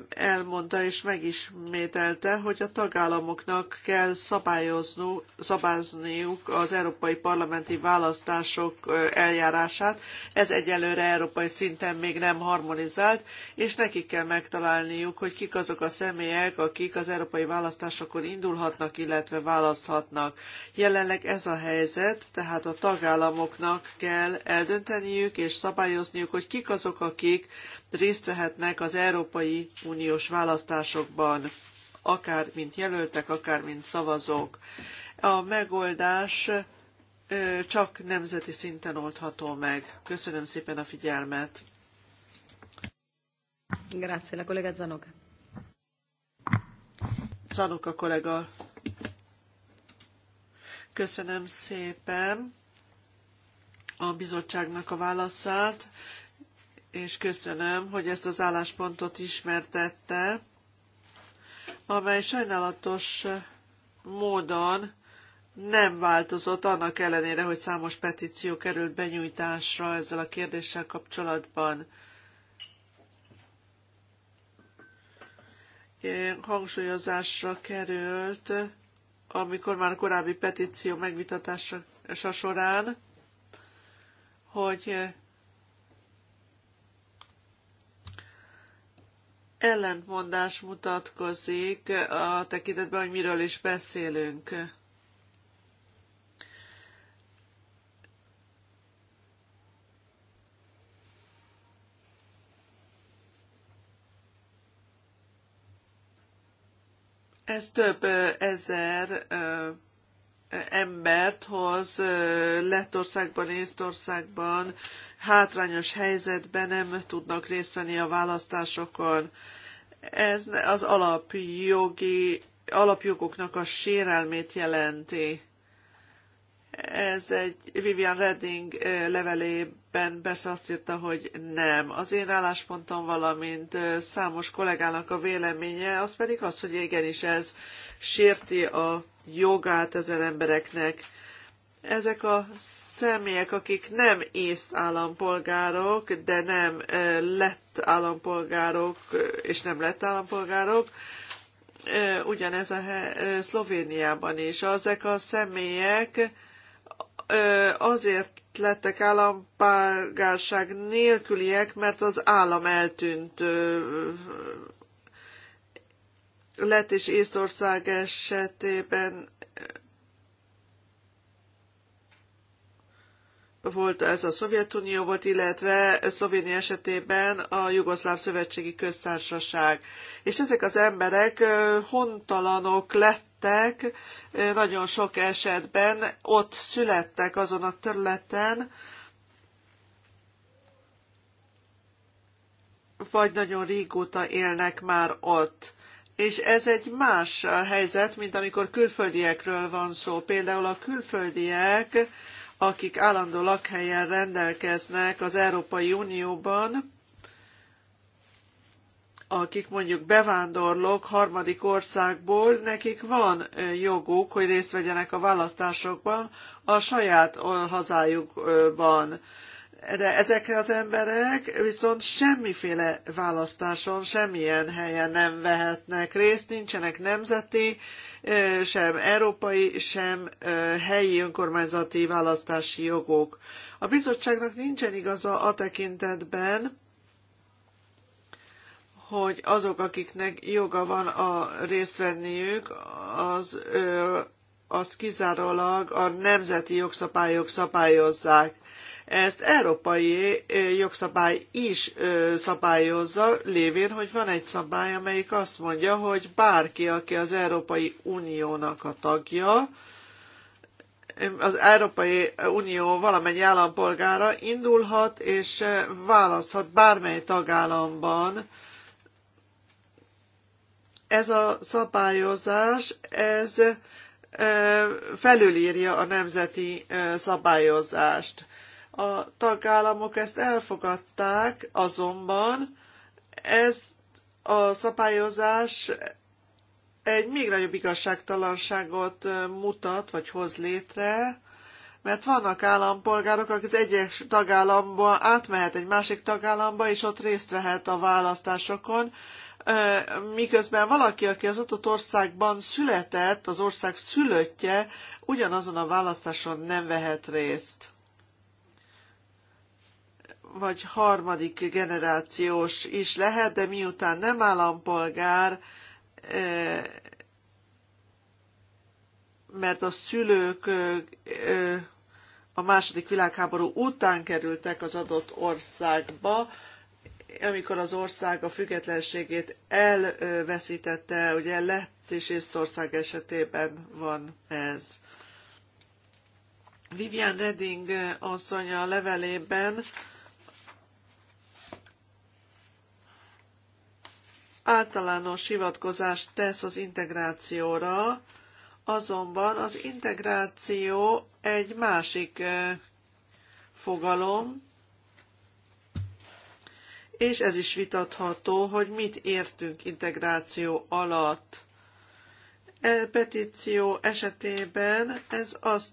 elmondta és megismételte, hogy a tagállamoknak kell szabályozniuk az európai parlamenti választások eljárását. Ez egyelőre európai szinten még nem harmonizált, és nekik kell megtalálniuk, hogy kik azok a személyek, akik az európai választásokon indulhatnak, illetve választhatnak. Jelenleg ez a helyzet, tehát a tagállamoknak kell eldönteniük és szabályozniuk, hogy kik azok, akik részt vehetnek az Európai Uniós választásokban, akár mint jelöltek, akár mint szavazók. A megoldás csak nemzeti szinten oldható meg. Köszönöm szépen a figyelmet. Grazie, la kollega Zanuka. Zanuka, kollega. Köszönöm szépen a bizottságnak a válaszát és köszönöm, hogy ezt az álláspontot ismertette, amely sajnálatos módon nem változott, annak ellenére, hogy számos petíció került benyújtásra ezzel a kérdéssel kapcsolatban. Hangsúlyozásra került, amikor már a korábbi petíció megvitatása során, hogy ellentmondás mutatkozik a tekintetben, hogy miről is beszélünk. Ez több ezer embert hoz Lettországban, Észtországban, hátrányos helyzetben nem tudnak részt venni a választásokon. Ez az alapjogi, alapjogoknak a sérelmét jelenti. Ez egy Vivian Redding levelében persze azt írta, hogy nem. Az én álláspontom, valamint számos kollégának a véleménye, az pedig az, hogy igenis ez sérti a jogát ezen embereknek ezek a személyek, akik nem észt állampolgárok, de nem lett állampolgárok, és nem lett állampolgárok, ugyanez a Szlovéniában is. Ezek a személyek azért lettek állampolgárság nélküliek, mert az állam eltűnt lett, és Észtország esetében volt ez a Szovjetunió volt, illetve Szlovénia esetében a Jugoszláv Szövetségi Köztársaság. És ezek az emberek hontalanok lettek nagyon sok esetben, ott születtek azon a területen, vagy nagyon régóta élnek már ott. És ez egy más helyzet, mint amikor külföldiekről van szó. Például a külföldiek akik állandó lakhelyen rendelkeznek az Európai Unióban, akik mondjuk bevándorlók harmadik országból, nekik van joguk, hogy részt vegyenek a választásokban a saját hazájukban de ezek az emberek viszont semmiféle választáson, semmilyen helyen nem vehetnek részt, nincsenek nemzeti, sem európai, sem helyi önkormányzati választási jogok. A bizottságnak nincsen igaza a tekintetben, hogy azok, akiknek joga van a részt venniük, az, az kizárólag a nemzeti jogszabályok szabályozzák ezt európai jogszabály is szabályozza, lévén, hogy van egy szabály, amelyik azt mondja, hogy bárki, aki az Európai Uniónak a tagja, az Európai Unió valamennyi állampolgára indulhat és választhat bármely tagállamban. Ez a szabályozás, ez felülírja a nemzeti szabályozást. A tagállamok ezt elfogadták, azonban ez a szabályozás egy még nagyobb igazságtalanságot mutat, vagy hoz létre, mert vannak állampolgárok, akik az egyes tagállamba átmehet egy másik tagállamba, és ott részt vehet a választásokon, miközben valaki, aki az adott országban született, az ország szülöttje, ugyanazon a választáson nem vehet részt vagy harmadik generációs is lehet, de miután nem állampolgár, eh, mert a szülők eh, eh, a második világháború után kerültek az adott országba, amikor az ország a függetlenségét elveszítette, ugye lett és Észtország esetében van ez. Vivian Redding asszony a levelében általános hivatkozást tesz az integrációra, azonban az integráció egy másik fogalom, és ez is vitatható, hogy mit értünk integráció alatt. E petíció esetében ez, azt,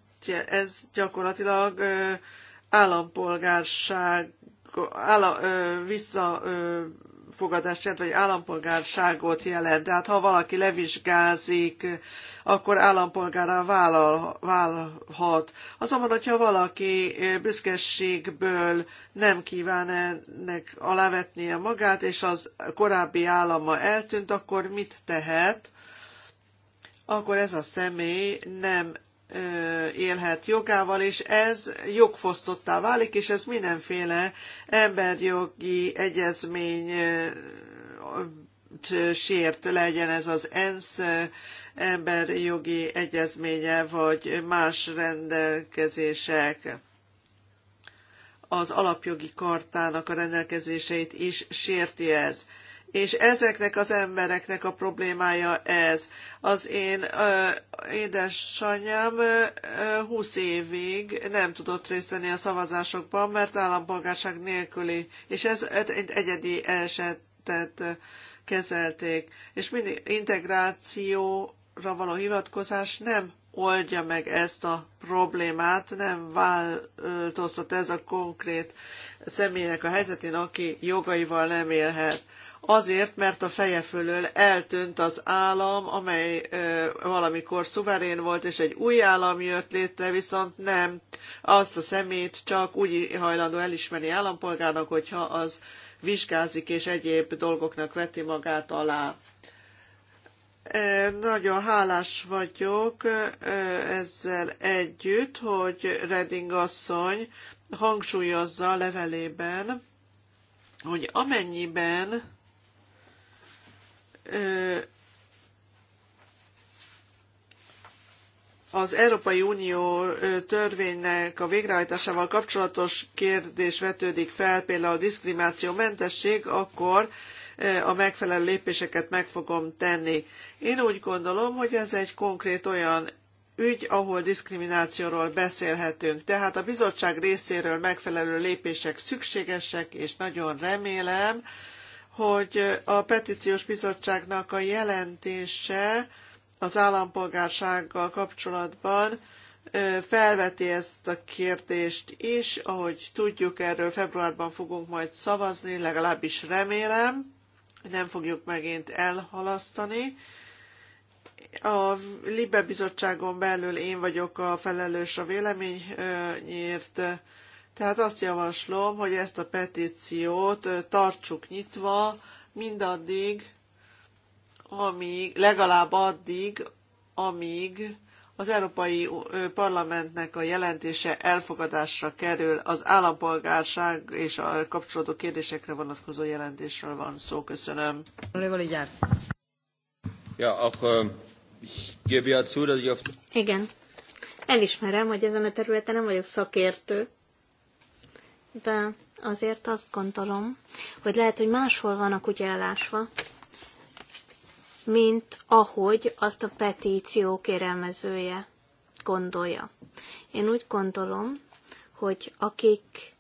ez gyakorlatilag állampolgárság állam, vissza fogadást jelent, vagy állampolgárságot jelent. Tehát ha valaki levizsgázik, akkor állampolgára vállal, válhat. Azonban, hogyha valaki büszkeségből nem kíván ennek alávetnie magát, és az korábbi állama eltűnt, akkor mit tehet? Akkor ez a személy nem élhet jogával, és ez jogfosztottá válik, és ez mindenféle emberjogi egyezmény sért legyen ez az ENSZ emberjogi egyezménye, vagy más rendelkezések az alapjogi kartának a rendelkezéseit is sérti ez és ezeknek az embereknek a problémája ez. Az én édesanyám ö, 20 évig nem tudott részt venni a szavazásokban, mert állampolgárság nélküli, és ez egy egyedi esetet kezelték. És mindig integrációra való hivatkozás nem oldja meg ezt a problémát, nem változtat ez a konkrét személynek a helyzetén, aki jogaival nem élhet. Azért, mert a feje fölől eltűnt az állam, amely ö, valamikor szuverén volt, és egy új állam jött létre, viszont nem. Azt a szemét csak úgy hajlandó elismerni állampolgárnak, hogyha az vizsgázik és egyéb dolgoknak veti magát alá. Nagyon hálás vagyok ezzel együtt, hogy Redding asszony hangsúlyozza a levelében, hogy amennyiben az Európai Unió törvénynek a végrehajtásával kapcsolatos kérdés vetődik fel, például a diszkriminációmentesség, akkor a megfelelő lépéseket meg fogom tenni. Én úgy gondolom, hogy ez egy konkrét olyan ügy, ahol diszkriminációról beszélhetünk. Tehát a bizottság részéről megfelelő lépések szükségesek, és nagyon remélem, hogy a petíciós bizottságnak a jelentése az állampolgársággal kapcsolatban felveti ezt a kérdést is, ahogy tudjuk, erről februárban fogunk majd szavazni, legalábbis remélem, nem fogjuk megint elhalasztani. A Libe Bizottságon belül én vagyok a felelős a véleményért, tehát azt javaslom, hogy ezt a petíciót tartsuk nyitva mindaddig, amíg, legalább addig, amíg az Európai Parlamentnek a jelentése elfogadásra kerül, az állampolgárság és a kapcsolódó kérdésekre vonatkozó jelentésről van szó. Köszönöm. Ja, ähm, ja Igen. Elismerem, hogy ezen a területen nem vagyok szakértő, de azért azt gondolom, hogy lehet, hogy máshol van a kutya elásva, mint ahogy azt a petíció kérelmezője gondolja. Én úgy gondolom, hogy akik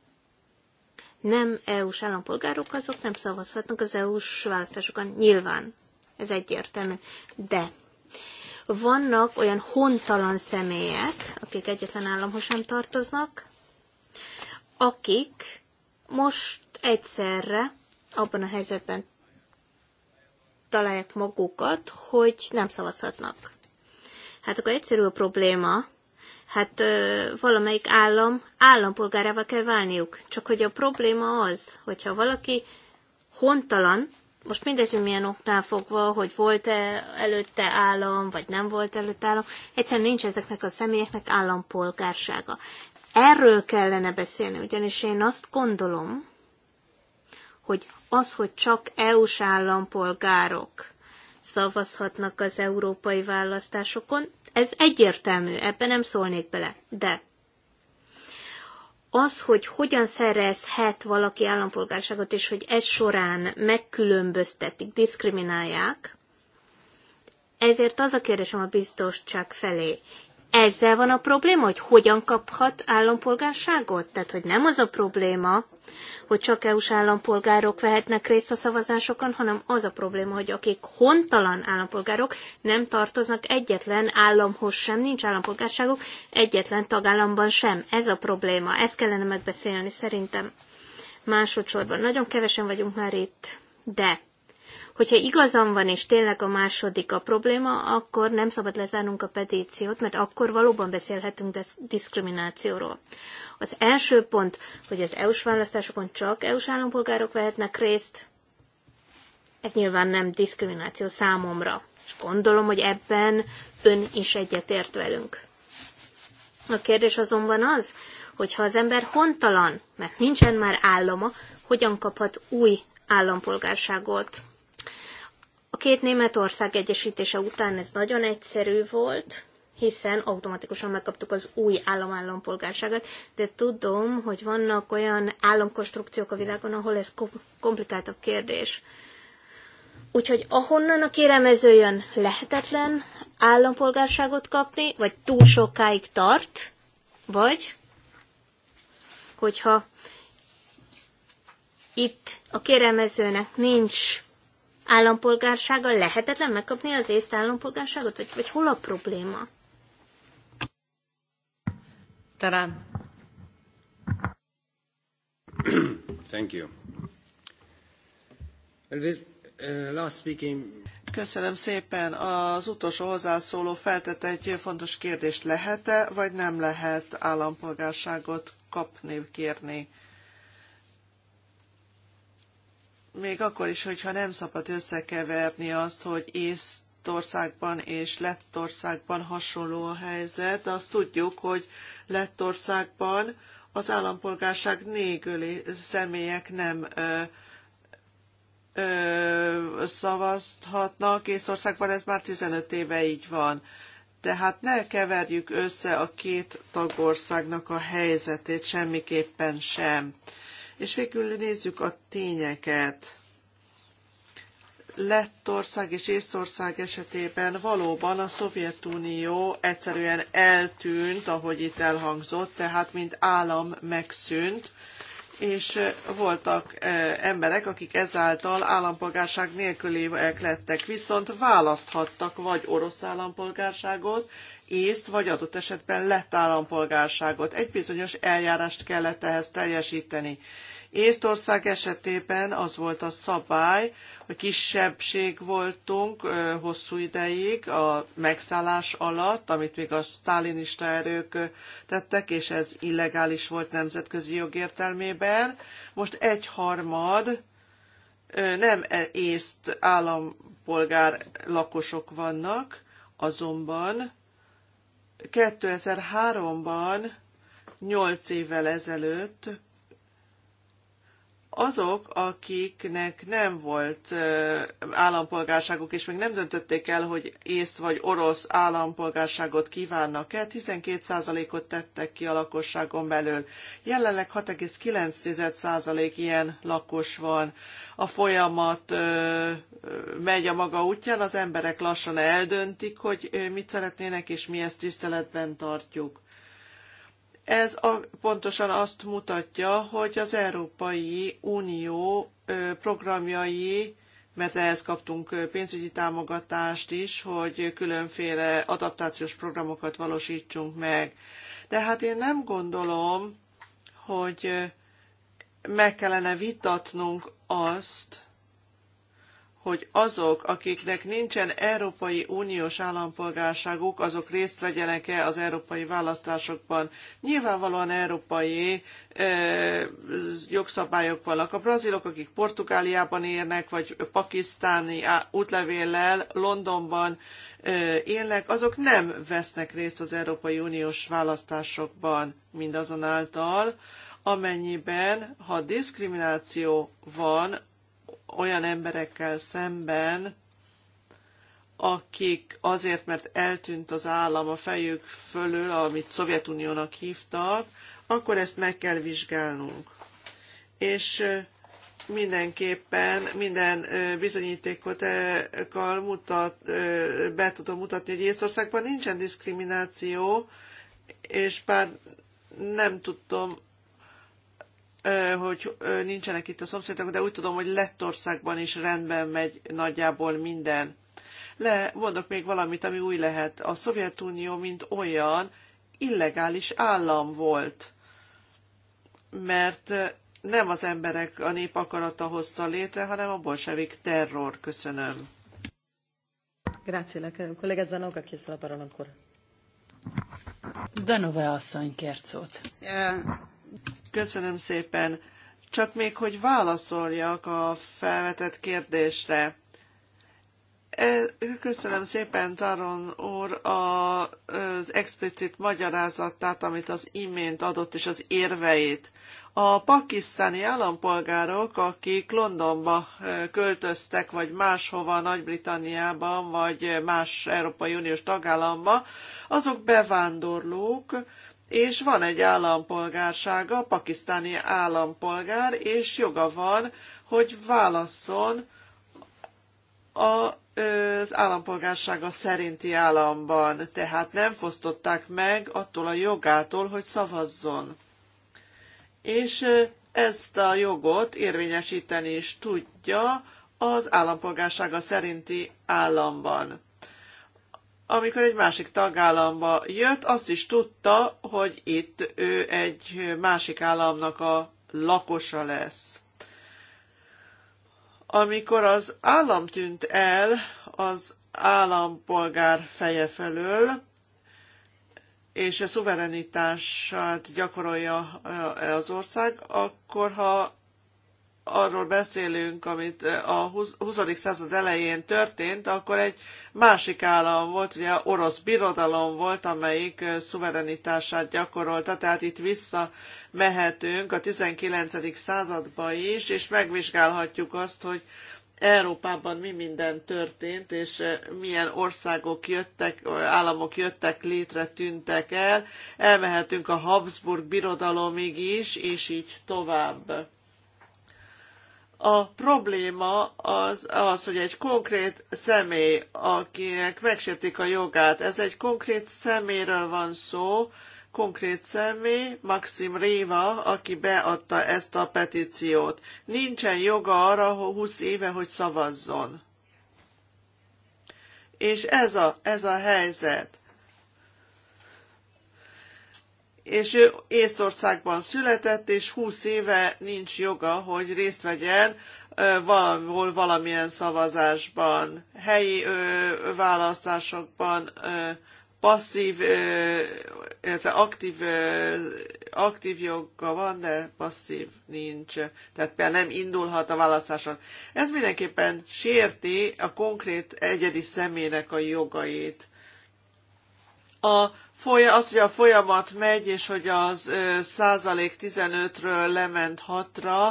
nem EU-s állampolgárok, azok nem szavazhatnak az EU-s választásokon. Nyilván, ez egyértelmű. De vannak olyan hontalan személyek, akik egyetlen államhoz sem tartoznak, akik most egyszerre abban a helyzetben találják magukat, hogy nem szavazhatnak. Hát akkor egyszerű a probléma, hát ö, valamelyik állam állampolgárával kell válniuk. Csak hogy a probléma az, hogyha valaki hontalan, most mindegy, hogy milyen oknál fogva, hogy volt-e előtte állam, vagy nem volt előtte állam, egyszerűen nincs ezeknek a személyeknek állampolgársága. Erről kellene beszélni, ugyanis én azt gondolom, hogy az, hogy csak EU-s állampolgárok szavazhatnak az európai választásokon, ez egyértelmű, ebben nem szólnék bele. De az, hogy hogyan szerezhet valaki állampolgárságot, és hogy ez során megkülönböztetik, diszkriminálják, ezért az a kérdésem a biztosság felé. Ezzel van a probléma, hogy hogyan kaphat állampolgárságot? Tehát, hogy nem az a probléma, hogy csak EU-s állampolgárok vehetnek részt a szavazásokon, hanem az a probléma, hogy akik hontalan állampolgárok nem tartoznak egyetlen államhoz sem, nincs állampolgárságok egyetlen tagállamban sem. Ez a probléma, ezt kellene megbeszélni szerintem. Másodszorban nagyon kevesen vagyunk már itt, de hogyha igazam van, és tényleg a második a probléma, akkor nem szabad lezárnunk a petíciót, mert akkor valóban beszélhetünk diszkriminációról. Az első pont, hogy az EU-s választásokon csak EU-s állampolgárok vehetnek részt, ez nyilván nem diszkrimináció számomra. És gondolom, hogy ebben ön is egyetért velünk. A kérdés azonban az, hogy ha az ember hontalan, mert nincsen már állama, hogyan kaphat új állampolgárságot? két Németország egyesítése után ez nagyon egyszerű volt, hiszen automatikusan megkaptuk az új állam állampolgárságát, de tudom, hogy vannak olyan államkonstrukciók a világon, ahol ez komplikáltabb kérdés. Úgyhogy ahonnan a kérelmező jön, lehetetlen állampolgárságot kapni, vagy túl sokáig tart, vagy hogyha itt a kérelmezőnek nincs állampolgársága lehetetlen megkapni az észt állampolgárságot, vagy, vagy hol a probléma? Talán. Thank you. Elvis, uh, last speaking Köszönöm szépen. Az utolsó hozzászóló feltette egy fontos kérdést. Lehet-e, vagy nem lehet állampolgárságot kapni, kérni? még akkor is, hogyha nem szabad összekeverni azt, hogy Észtországban és Lettországban hasonló a helyzet, de azt tudjuk, hogy Lettországban az állampolgárság nélküli személyek nem ö, ö, szavazhatnak. Észtországban ez már 15 éve így van. Tehát ne keverjük össze a két tagországnak a helyzetét semmiképpen sem. És végül nézzük a tényeket. Lettország és Észtország esetében valóban a Szovjetunió egyszerűen eltűnt, ahogy itt elhangzott, tehát mint állam megszűnt, és voltak emberek, akik ezáltal állampolgárság nélküliek lettek, viszont választhattak vagy orosz állampolgárságot, észt, vagy adott esetben lett állampolgárságot. Egy bizonyos eljárást kellett ehhez teljesíteni. Észtország esetében az volt a szabály, hogy kisebbség voltunk hosszú ideig a megszállás alatt, amit még a sztálinista erők tettek, és ez illegális volt nemzetközi jogértelmében. Most egyharmad nem e- észt állampolgár lakosok vannak, azonban 2003-ban, 8 évvel ezelőtt azok, akiknek nem volt állampolgárságuk, és még nem döntötték el, hogy észt vagy orosz állampolgárságot kívánnak-e, 12%-ot tettek ki a lakosságon belül. Jelenleg 6,9% ilyen lakos van. A folyamat megy a maga útján, az emberek lassan eldöntik, hogy mit szeretnének, és mi ezt tiszteletben tartjuk ez a, pontosan azt mutatja, hogy az Európai Unió programjai, mert ehhez kaptunk pénzügyi támogatást is, hogy különféle adaptációs programokat valósítsunk meg. De hát én nem gondolom, hogy meg kellene vitatnunk azt, hogy azok, akiknek nincsen Európai Uniós állampolgárságuk, azok részt vegyenek-e az európai választásokban. Nyilvánvalóan európai e, jogszabályok vannak. A brazilok, akik Portugáliában érnek, vagy pakisztáni útlevéllel Londonban e, élnek, azok nem vesznek részt az Európai Uniós választásokban mindazonáltal amennyiben, ha diszkrimináció van olyan emberekkel szemben, akik azért, mert eltűnt az állam a fejük fölül, amit Szovjetuniónak hívtak, akkor ezt meg kell vizsgálnunk. És mindenképpen minden bizonyítékot, mutat, be tudom mutatni, hogy Észországban nincsen diszkrimináció, és bár nem tudtam hogy nincsenek itt a szomszédok, de úgy tudom, hogy Lettországban is rendben megy nagyjából minden. Le, mondok még valamit, ami új lehet. A Szovjetunió, mint olyan, illegális állam volt, mert nem az emberek a nép akarata hozta létre, hanem a bolsevik terror. Köszönöm. Grazie, kollega Zanoga készül a parola Danova asszony kért szót. Eh, Köszönöm szépen. Csak még, hogy válaszoljak a felvetett kérdésre. E, köszönöm szépen, Taron úr, az explicit magyarázatát, amit az imént adott, és az érveit. A pakisztáni állampolgárok, akik Londonba e, költöztek, vagy máshova, Nagy-Britanniában, vagy más Európai Uniós tagállamba, azok bevándorlók, és van egy állampolgársága, pakisztáni állampolgár, és joga van, hogy válasszon a az állampolgársága szerinti államban, tehát nem fosztották meg attól a jogától, hogy szavazzon. És ezt a jogot érvényesíteni is tudja az állampolgársága szerinti államban amikor egy másik tagállamba jött, azt is tudta, hogy itt ő egy másik államnak a lakosa lesz. Amikor az állam tűnt el az állampolgár feje felől, és a szuverenitását gyakorolja az ország, akkor ha arról beszélünk, amit a 20. század elején történt, akkor egy másik állam volt, ugye orosz birodalom volt, amelyik szuverenitását gyakorolta, tehát itt vissza mehetünk a 19. századba is, és megvizsgálhatjuk azt, hogy Európában mi minden történt, és milyen országok jöttek, államok jöttek létre, tűntek el. Elmehetünk a Habsburg birodalomig is, és így tovább. A probléma az, az, hogy egy konkrét személy, akinek megsértik a jogát, ez egy konkrét szeméről van szó, konkrét személy, Maxim Réva, aki beadta ezt a petíciót. Nincsen joga arra, hogy 20 éve, hogy szavazzon. És ez a, ez a helyzet. és ő Észtországban született, és 20 éve nincs joga, hogy részt vegyen valahol valamilyen szavazásban, helyi ö, választásokban, ö, passzív, ö, illetve aktív, ö, aktív joga van, de passzív nincs. Tehát például nem indulhat a választáson. Ez mindenképpen sérti a konkrét egyedi személynek a jogait a az, hogy a folyamat megy, és hogy az százalék 15-ről lement 6-ra,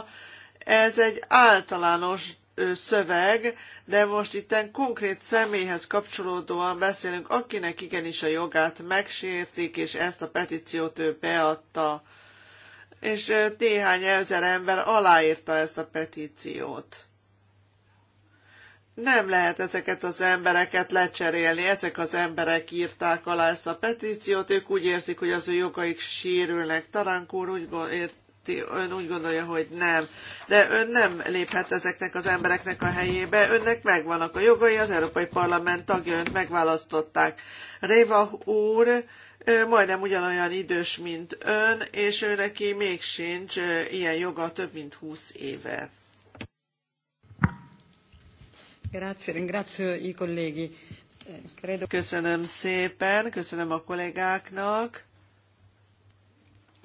ez egy általános szöveg, de most itt konkrét személyhez kapcsolódóan beszélünk, akinek igenis a jogát megsértik, és ezt a petíciót ő beadta. És néhány ezer ember aláírta ezt a petíciót nem lehet ezeket az embereket lecserélni. Ezek az emberek írták alá ezt a petíciót, ők úgy érzik, hogy az ő jogaik sérülnek. Tarankúr úgy érti, ön úgy gondolja, hogy nem. De ön nem léphet ezeknek az embereknek a helyébe. Önnek megvannak a jogai, az Európai Parlament tagja, önt megválasztották. Réva úr majdnem ugyanolyan idős, mint ön, és ő neki még sincs ilyen joga több mint 20 éve. Eh, köszönöm szépen, köszönöm a kollégáknak.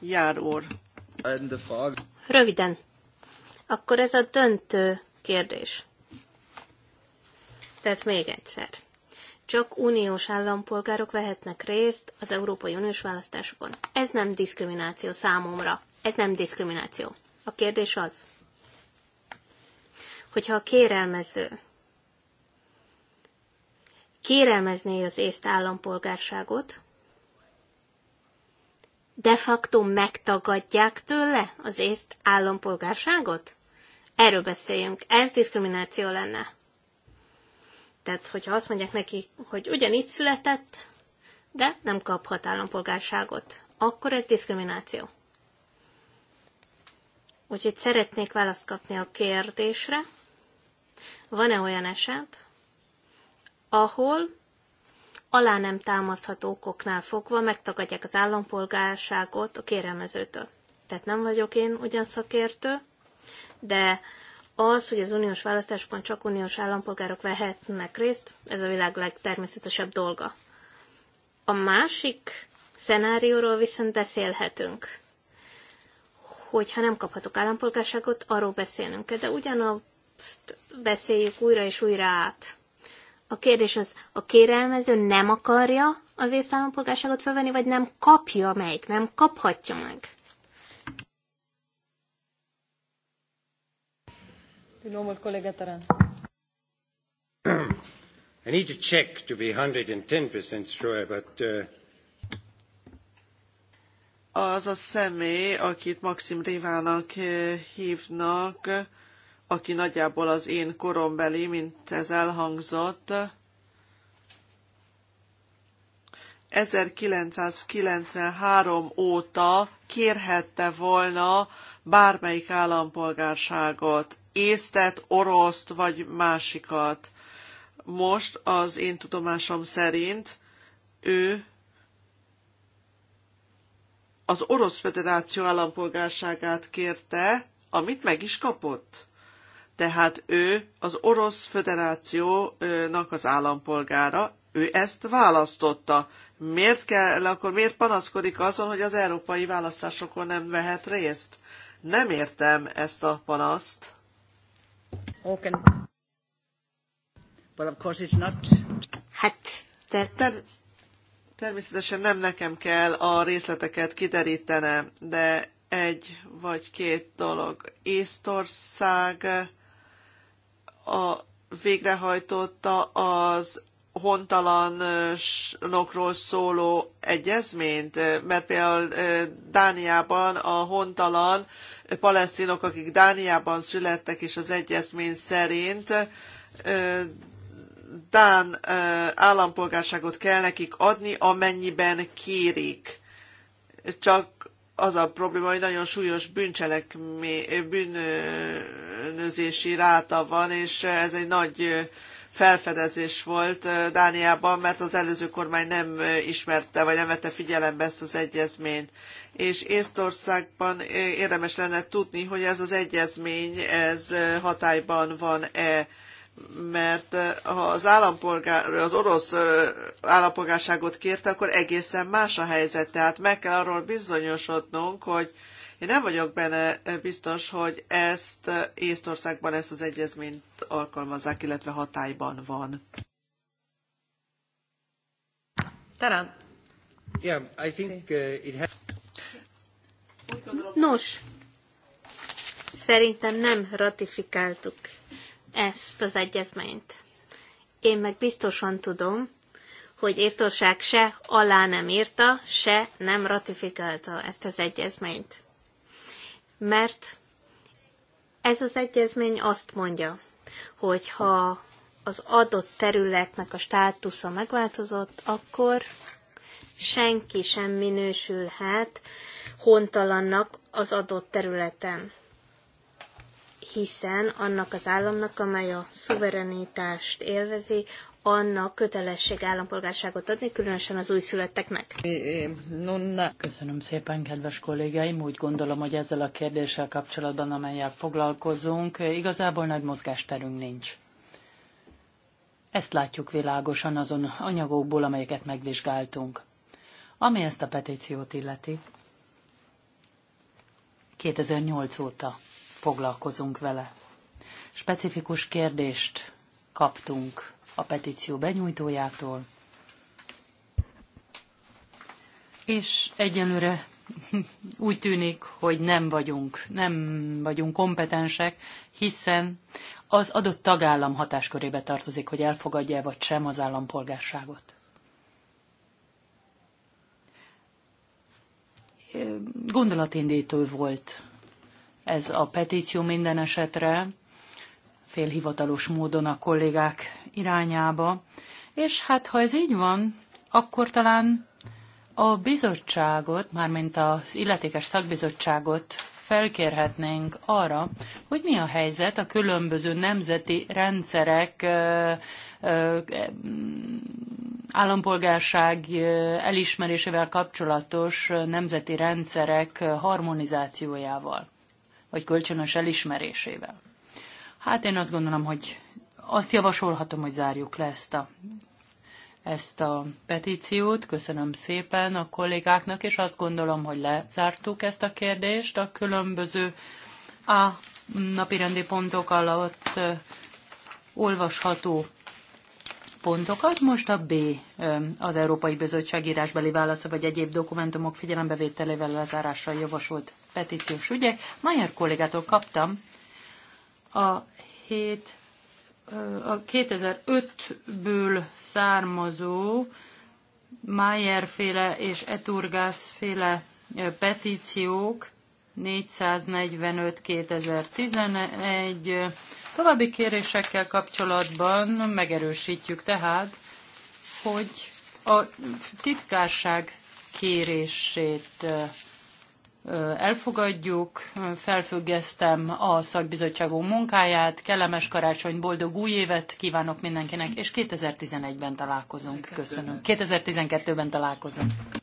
Jár úr. Röviden. Akkor ez a döntő kérdés. Tehát még egyszer. Csak uniós állampolgárok vehetnek részt az Európai Uniós választásokon. Ez nem diszkrimináció számomra. Ez nem diszkrimináció. A kérdés az, hogyha a kérelmező kérelmezné az észt állampolgárságot, de facto megtagadják tőle az észt állampolgárságot? Erről beszéljünk. Ez diszkrimináció lenne. Tehát, hogyha azt mondják neki, hogy ugyanígy született, de nem kaphat állampolgárságot, akkor ez diszkrimináció. Úgyhogy szeretnék választ kapni a kérdésre. Van-e olyan eset, ahol alá nem támasztható okoknál fogva megtagadják az állampolgárságot a kérelmezőtől. Tehát nem vagyok én ugyan szakértő, de az, hogy az uniós választásokon csak uniós állampolgárok vehetnek részt, ez a világ legtermészetesebb dolga. A másik szenárióról viszont beszélhetünk. Hogyha nem kaphatok állampolgárságot, arról beszélnünk de ugyanazt beszéljük újra és újra át. A kérdés az, a kérelmező nem akarja az észtvállampolgárságot felvenni, vagy nem kapja meg, nem kaphatja meg? I need to check to be 110% sure, but uh, az a személy, akit Maxim Révának uh, hívnak, aki nagyjából az én korombeli, mint ez elhangzott, 1993 óta kérhette volna bármelyik állampolgárságot, észtet, oroszt vagy másikat. Most az én tudomásom szerint ő az Orosz Federáció állampolgárságát kérte, amit meg is kapott. Tehát ő az Orosz Föderációnak az állampolgára, ő ezt választotta. Miért kell, akkor miért panaszkodik azon, hogy az európai választásokon nem vehet részt? Nem értem ezt a panaszt. Okay. Well, of course it's not. Hát, te... Ter- természetesen nem nekem kell a részleteket kiterítenem, de egy vagy két dolog. Észtország a végrehajtotta az hontalanokról szóló egyezményt, mert például Dániában a hontalan palesztinok, akik Dániában születtek, és az egyezmény szerint Dán állampolgárságot kell nekik adni, amennyiben kérik. Csak az a probléma, hogy nagyon súlyos bűncselekmé, bűnözési ráta van, és ez egy nagy felfedezés volt Dániában, mert az előző kormány nem ismerte, vagy nem vette figyelembe ezt az egyezményt. És Észtországban érdemes lenne tudni, hogy ez az egyezmény, ez hatályban van-e mert eh, ha az, állampolgár, az orosz eh, állampolgárságot kérte, akkor egészen más a helyzet. Tehát meg kell arról bizonyosodnunk, hogy én nem vagyok benne eh, biztos, hogy ezt Észtországban ezt az egyezményt alkalmazzák, illetve hatályban van. Terem. Yeah, I think it has... Nos, szerintem nem ratifikáltuk ezt az egyezményt. Én meg biztosan tudom, hogy Észtország se alá nem írta, se nem ratifikálta ezt az egyezményt. Mert ez az egyezmény azt mondja, hogy ha az adott területnek a státusza megváltozott, akkor senki sem minősülhet hontalannak az adott területen hiszen annak az államnak, amely a szuverenitást élvezi, annak kötelesség állampolgárságot adni, különösen az újszülötteknek. Köszönöm szépen, kedves kollégáim. Úgy gondolom, hogy ezzel a kérdéssel kapcsolatban, amelyel foglalkozunk, igazából nagy mozgásterünk nincs. Ezt látjuk világosan azon anyagokból, amelyeket megvizsgáltunk. Ami ezt a petíciót illeti, 2008 óta foglalkozunk vele. Specifikus kérdést kaptunk a petíció benyújtójától, és egyelőre *laughs* úgy tűnik, hogy nem vagyunk, nem vagyunk kompetensek, hiszen az adott tagállam hatáskörébe tartozik, hogy elfogadja vagy sem az állampolgárságot. Gondolatindító volt ez a petíció minden esetre félhivatalos módon a kollégák irányába. És hát ha ez így van, akkor talán a bizottságot, mármint az illetékes szakbizottságot felkérhetnénk arra, hogy mi a helyzet a különböző nemzeti rendszerek állampolgárság elismerésével kapcsolatos nemzeti rendszerek harmonizációjával vagy kölcsönös elismerésével. Hát én azt gondolom, hogy azt javasolhatom, hogy zárjuk le ezt a, ezt a petíciót. Köszönöm szépen a kollégáknak, és azt gondolom, hogy lezártuk ezt a kérdést a különböző a napirendi pontok alatt olvasható pontokat. Most a B, az Európai Bizottság írásbeli válasza vagy egyéb dokumentumok figyelembevételével lezárásra javasolt petíciós ügyek. Mayer kollégától kaptam a 7 a 2005-ből származó Mayer féle és Eturgász féle petíciók 445 2011 További kérésekkel kapcsolatban megerősítjük tehát, hogy a titkárság kérését elfogadjuk, felfüggesztem a szakbizottságunk munkáját, kellemes karácsony, boldog új évet kívánok mindenkinek, és 2011-ben találkozunk. Köszönöm. 2012-ben találkozunk.